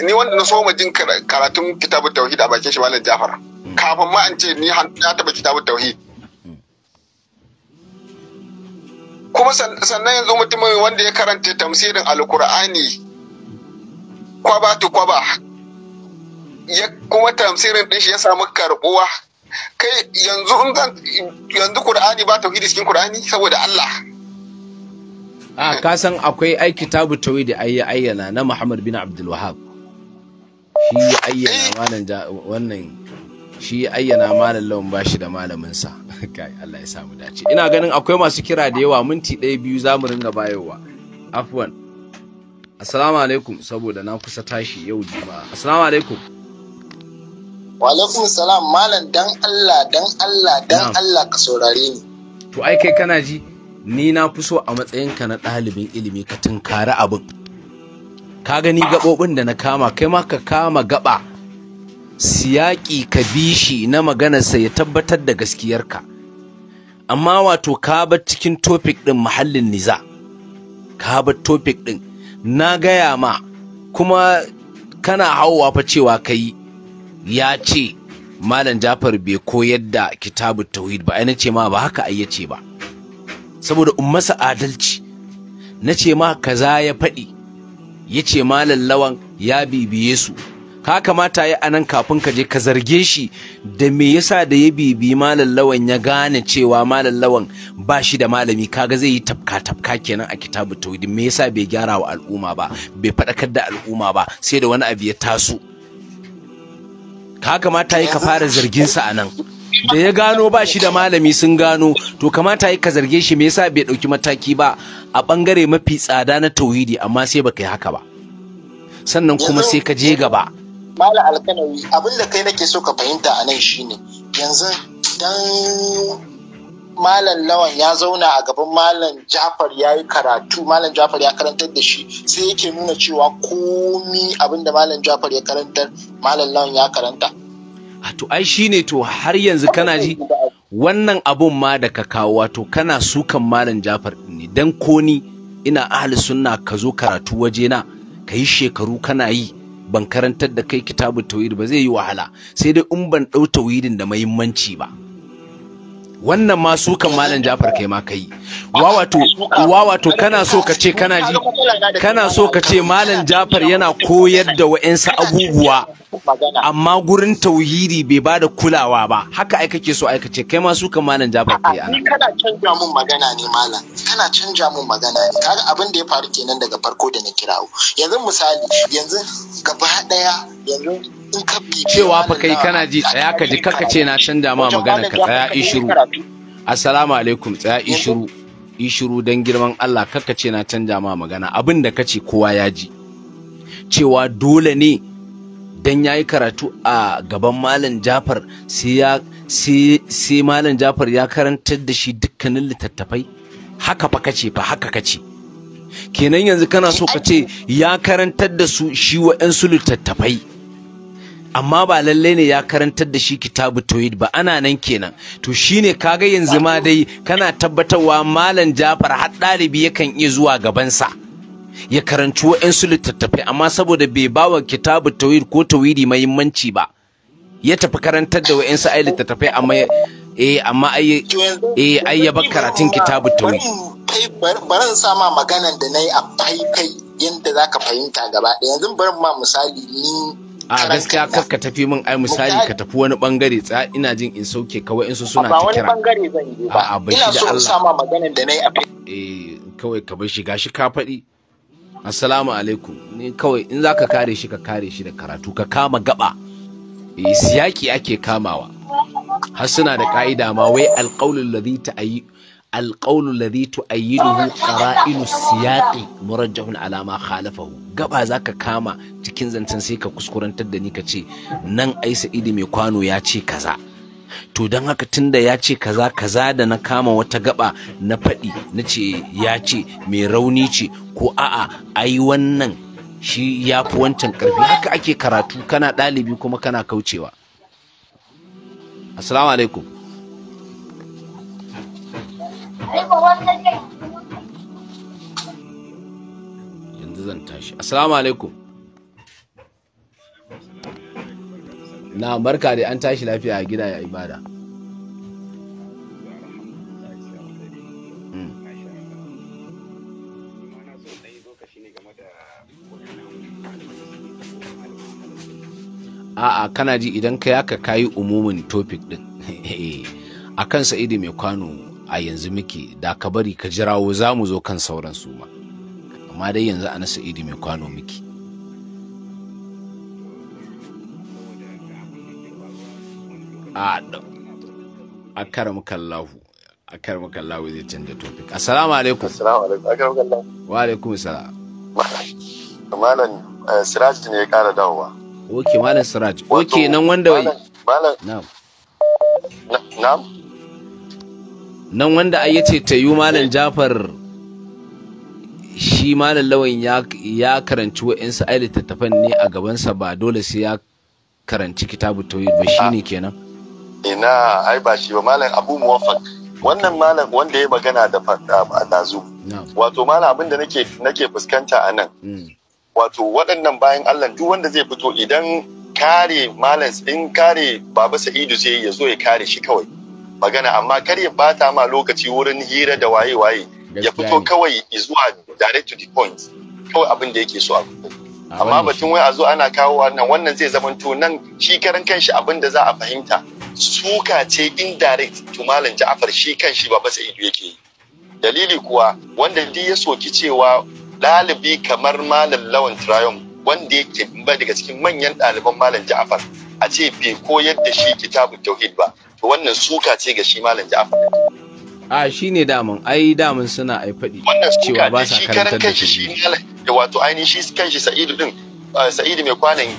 ni wanda na soma jin karatun kitabun tauhid a bakin shi malam Jafar mm. kafin ma an ce ni na taba kitabun tauhid mm. kuma sannan yanzu mutumin wanda ya karanta tamsirin alkur'ani kwaba tu kwaba ya kuma tamsirin din shi ya samu karbuwa kai yanzu in zan yanzu qur'ani ba tauhidi cikin qur'ani saboda Allah a kasan akwai ai kitabu da ai ayyana na Muhammad bin Abdul Wahhab eh. shi ya ayyana malam wannan shi ayyana malam lawan bashi da malamin sa kai Allah ya samu dace ina ganin akwai masu kira da yawa minti ɗaya biyu za mu ringa bayowa afwan assalamu alaikum saboda na kusa tashi yau juma'a assalamu alaikum alaikum salam malam dan Allah dan Allah dan Allah ka saurare ni. To ai kai kana ji ni na fi so a matsayinka na ɗalibin ilimi ka tunkari abin ka gani gaɓoɓin da na kama kai ma ka kama gaɓa siyaƙi ka bishi na maganarsa ya tabbatar da gaskiyarka amma wato ka bar cikin topic ɗin muhallin niza ka bar topic ɗin na gaya ma kuma kana hauwa fa cewa kai ya ce malam jafar bai koyar da kitabu tauhid ba ai ce ma ba haka ai yace ba saboda ummasa adalci na ce ma kaza ya faɗi ya ce ma lallawan ya bibiye su ka kamata ya anan kafin ka je ka zarge shi da me yasa da ya bibi malam lawan ya gane cewa malam lawan ba shi da malami kaga zai yi tafka tafka kenan a kitabu tauhid me yasa bai gyara wa al'umma ba bai faɗakar da al'umma ba sai da wani abu ya taso ka kamata ya ka fara zargin sa anan da ya gano ba shi da malami sun gano to kamata yi ka zarge shi me yasa bai ɗauki mataki ba a bangare mafi tsada na tauhidi amma sai baka yi haka ba sannan kuma sai ka je gaba mala alkanawi abin da kai nake so ka fahimta a nan shine yanzu dan malam lawan ya zauna a gaban malam jafar ya yi karatu malam jafar ya karantar da shi sai yake nuna cewa komi abin da malam jafar ya karantar malam lawan ya karanta Ah, to ai shine to har yanzu kana ji wannan abun ma da ka kawo wato kana sukan malam Jafar ne dan ko ni ina ahli sunna ka zo karatu wajena na ka yi shekaru kana yi ban karantar da kai kitabu tauhid ba zai yi wahala sai dai in ban dau tauhidin da mahimmanci ba wannan ma su kan malam Jafar kai ma kai wawato wawato kana so ka ce kana ji kana so ka ce malam Jafar yana koyar da wa'ensu abubuwa amma gurin tauhidi bai ba da kulawa ba haka ai kake so ai kace kai ma su kan malam Jafar kai ana kana canja mun magana ne malam kana canja mun magana ne kaga abin da ya faru kenan daga farko da na kirawo yanzu misali yanzu gaba daya yanzu cewa fa kai kana ji tsaya ka ji kaka ce na can ma magana ka tsaya ishiru assalamu alaikum tsaya ishiru ishiru dan girman Allah kaka ce na canja ma magana abin da kace kowa ya ji cewa dole ne dan yayi karatu a gaban malam Jafar sai ya sai malam Jafar ya karantar da shi dukkanin littattafai haka fa kace fa haka kace kenan yanzu kana so kace ya karantar da su shi wa'yansu littattafai amma ba lallai ne ya karantar da shi kitabu tauhid ba ana nan kenan to shine kaga yanzu ma dai kana tabbatarwa malam Jafar har ɗalibi yakan iya zuwa gabansa ya karanci waɗansu littattafai amma saboda bai bawa kitabu tauhid ko tauhidi muhimmanci ba ya tafi karantar da waɗansu ai littattafai amma eh amma ai eh ai ya bar karatun kitabu tauhid bari in sa ma maganan da nayi a kai yadda zaka fahimta gaba ɗaya yanzu bari ma misali ni a gaskiya kar ka tafi min ai misali ka tafi wani bangare tsa ina jin in sauke kawai in su suna ta kira ba wani bangare zan yi ba a so shi da Allah sama maganar da nayi a eh kawai ka bar shi gashi ka faɗi assalamu alaikum ni kawai in zaka kare shi ka kare shi da karatu ka kama gaba eh siyaki ake kamawa har suna da ka'ida ma wai alqaulul ladhi ta'ayyu alƙaunu ladhi tu'ayyiduhu qara'inu siyaqi murajjahun ala ma khalafahu gaba zaka kama cikin zancen sai ka kuskurantar da ni ka ce nan ai sa'idi mai kwano ya ce kaza to dan haka tunda ya ce kaza kaza da na kama wata gaba na faɗi na ce ya ce mai rauni ce ko a'a ai wannan shi ya fi wancan ƙarfi haka ake karatu kana ɗalibi kuma kana kaucewa assalamu alaikum yanzu zan tashi assalamu alaikum na barka dai an tashi lafiya a gida ya ibada hmm. a'a kana ji idan ka yaka kayi umumin topic din kan sa'idi mai kwano a yanzu muke da ka bari ka jirawo za mu zo kan sauran su ma amma dai yanzu a nasa idi mai kwano muke a karamu kallahu a karamu kallahu zai canza topic assalamu alaikum assalamu alaikum a karamu kallahu wa alaikum salam malam eh, siraj ne ya kara dawowa ok malam siraj ok nan wanda wai malam na'am nan wanda ai yace tayu malam Jafar shi malam lawan ya karanci wa'insu ai littattafan ne a gabansa ba dole sai ya karanci kitabu tauhid ba shine kenan ina ai ba shi ba malam Abu Muwaffaq wannan malam wanda ya magana da nazu, wato malam abin da nake nake fuskanta a nan mm. wato waɗannan bayan Allah duk wanda zai fito idan kare malam in kare baba Sa'idu sai ya zo ya kare shi kawai magana amma kar ya bata ma lokaci wurin hira da waye-waye ya fito kawai zuwa direct to the point kawai abin da yake so a amma batun wai a zo ana kawo wannan wannan zai zama to nan shi karan kanshi abin da za a fahimta suka ce indirect to malam Ja'far shi kanshi ba ba ido yake yi dalili kuwa wanda duk ya soki cewa ɗalibi kamar malam lawan triumph wanda yake daga cikin manyan ɗaliban malam Ja'far a ce bai koyar da shi kitabun tauhid ba wannan suka ce ga shi malam ja'afar. a shi ne damun ai damun suna ai faɗi cewa ba sa karantar da shi da wato ainihin shi kanshi sa'idu din sa'idu mai kwanan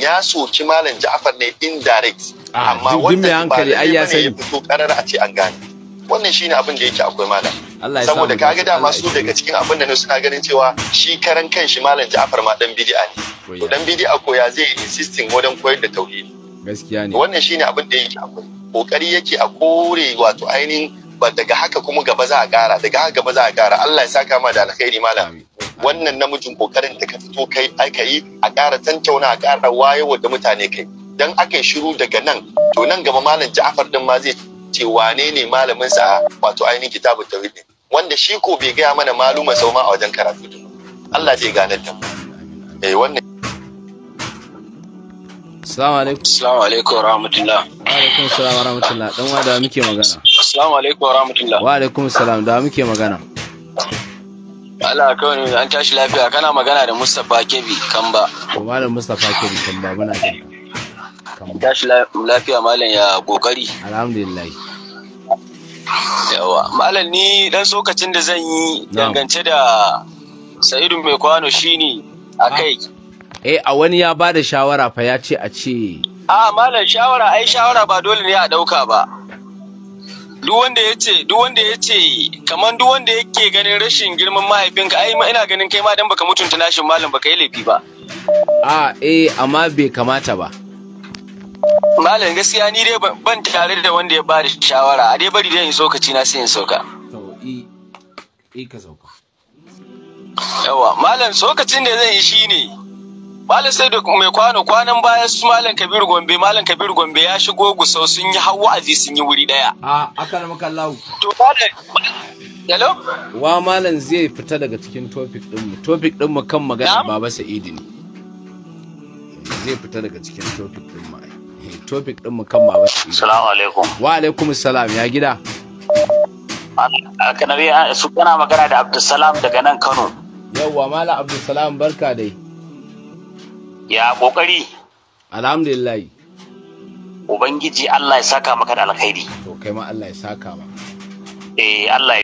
ya soki malam ja'afar ne indirect amma wanda hankali ai ya sani fito karara a ce an gane wannan shine abin da yake akwai malam saboda kaga dama su daga cikin abin da suna ganin cewa shi karan kan shi malam ja'afar ma dan bid'a ne to dan bid'a ko ya zai insisting wajen koyar da tauhidi gaskiya ne wannan shine abin da yake akwai kokari yake a kore wato ainihin ba daga haka kuma gaba za a kara daga haka gaba za a kara Allah ya saka ma da alkhairi malam wannan namijin kokarin da ka fito kai aka yi a kara tantauna a kara wayewa da mutane kai dan aka yi shiru daga nan to nan gaba malam Ja'far din ma zai ce wane ne malamin sa wato ainihin kitabu tauhid wanda shi ko bai gaya mana maluma sau ma a wajen karatu Allah zai gane ta eh wannan Assalamu alaikum. Assalamu alaikum wa rahmatullah. Wa alaikum salam wa rahmatullah. Dan wa da muke magana. Assalamu alaikum wa rahmatullah. Wa alaikum salam da muke magana. Allah kawai ne an tashi lafiya kana magana da Mustapha Kebi Kamba. Ko malam Mustapha Kebi Kamba muna jin. Tashi lafiya malam ya kokari. Alhamdulillah. Yawa malam ni dan sokacin da zan yi dangance da Sa'idu mai kwano shine a kai. Ah. eh a wani ya ba da shawara fa ya ce a ce a malam shawara ai shawara ba dole ne a ɗauka ba duk wanda ya ce duk wanda ya ce kamar duk wanda yake ganin rashin girman mahaifinka ai ina ganin kai ma dan baka mutunta nashin malam baka yi laifi ba a eh amma bai kamata ba malam gaskiya ni dai ban tare da wanda ya bada shawara a dai bari dai in sokaci na sai in sauka yawa malam sokacin da zan yi shine Malam sai da mai kwano kwanan baya su Malam Kabiru Gombe Malam Kabiru Gombe ya shigo gusau sun yi hawa azi sun yi wuri daya. A aka akan makallahu. To Hello? Wa Malam zai fita daga cikin topic din mu. Topic din mu kan magana Baba Sa'idi ne. Zai fita daga cikin topic din mu. Eh, topic din mu kan Baba Sa'idi. Assalamu alaikum. Wa alaikum assalam ya gida. nabi su kana magana da Abdulsalam daga nan Kano. Yawwa Malam Abdulsalam barka dai. Ya kokari. Alhamdulillah. Ubangiji Allah ya saka maka da alkhairi. To kai ma Allah ya saka ma. Eh Allah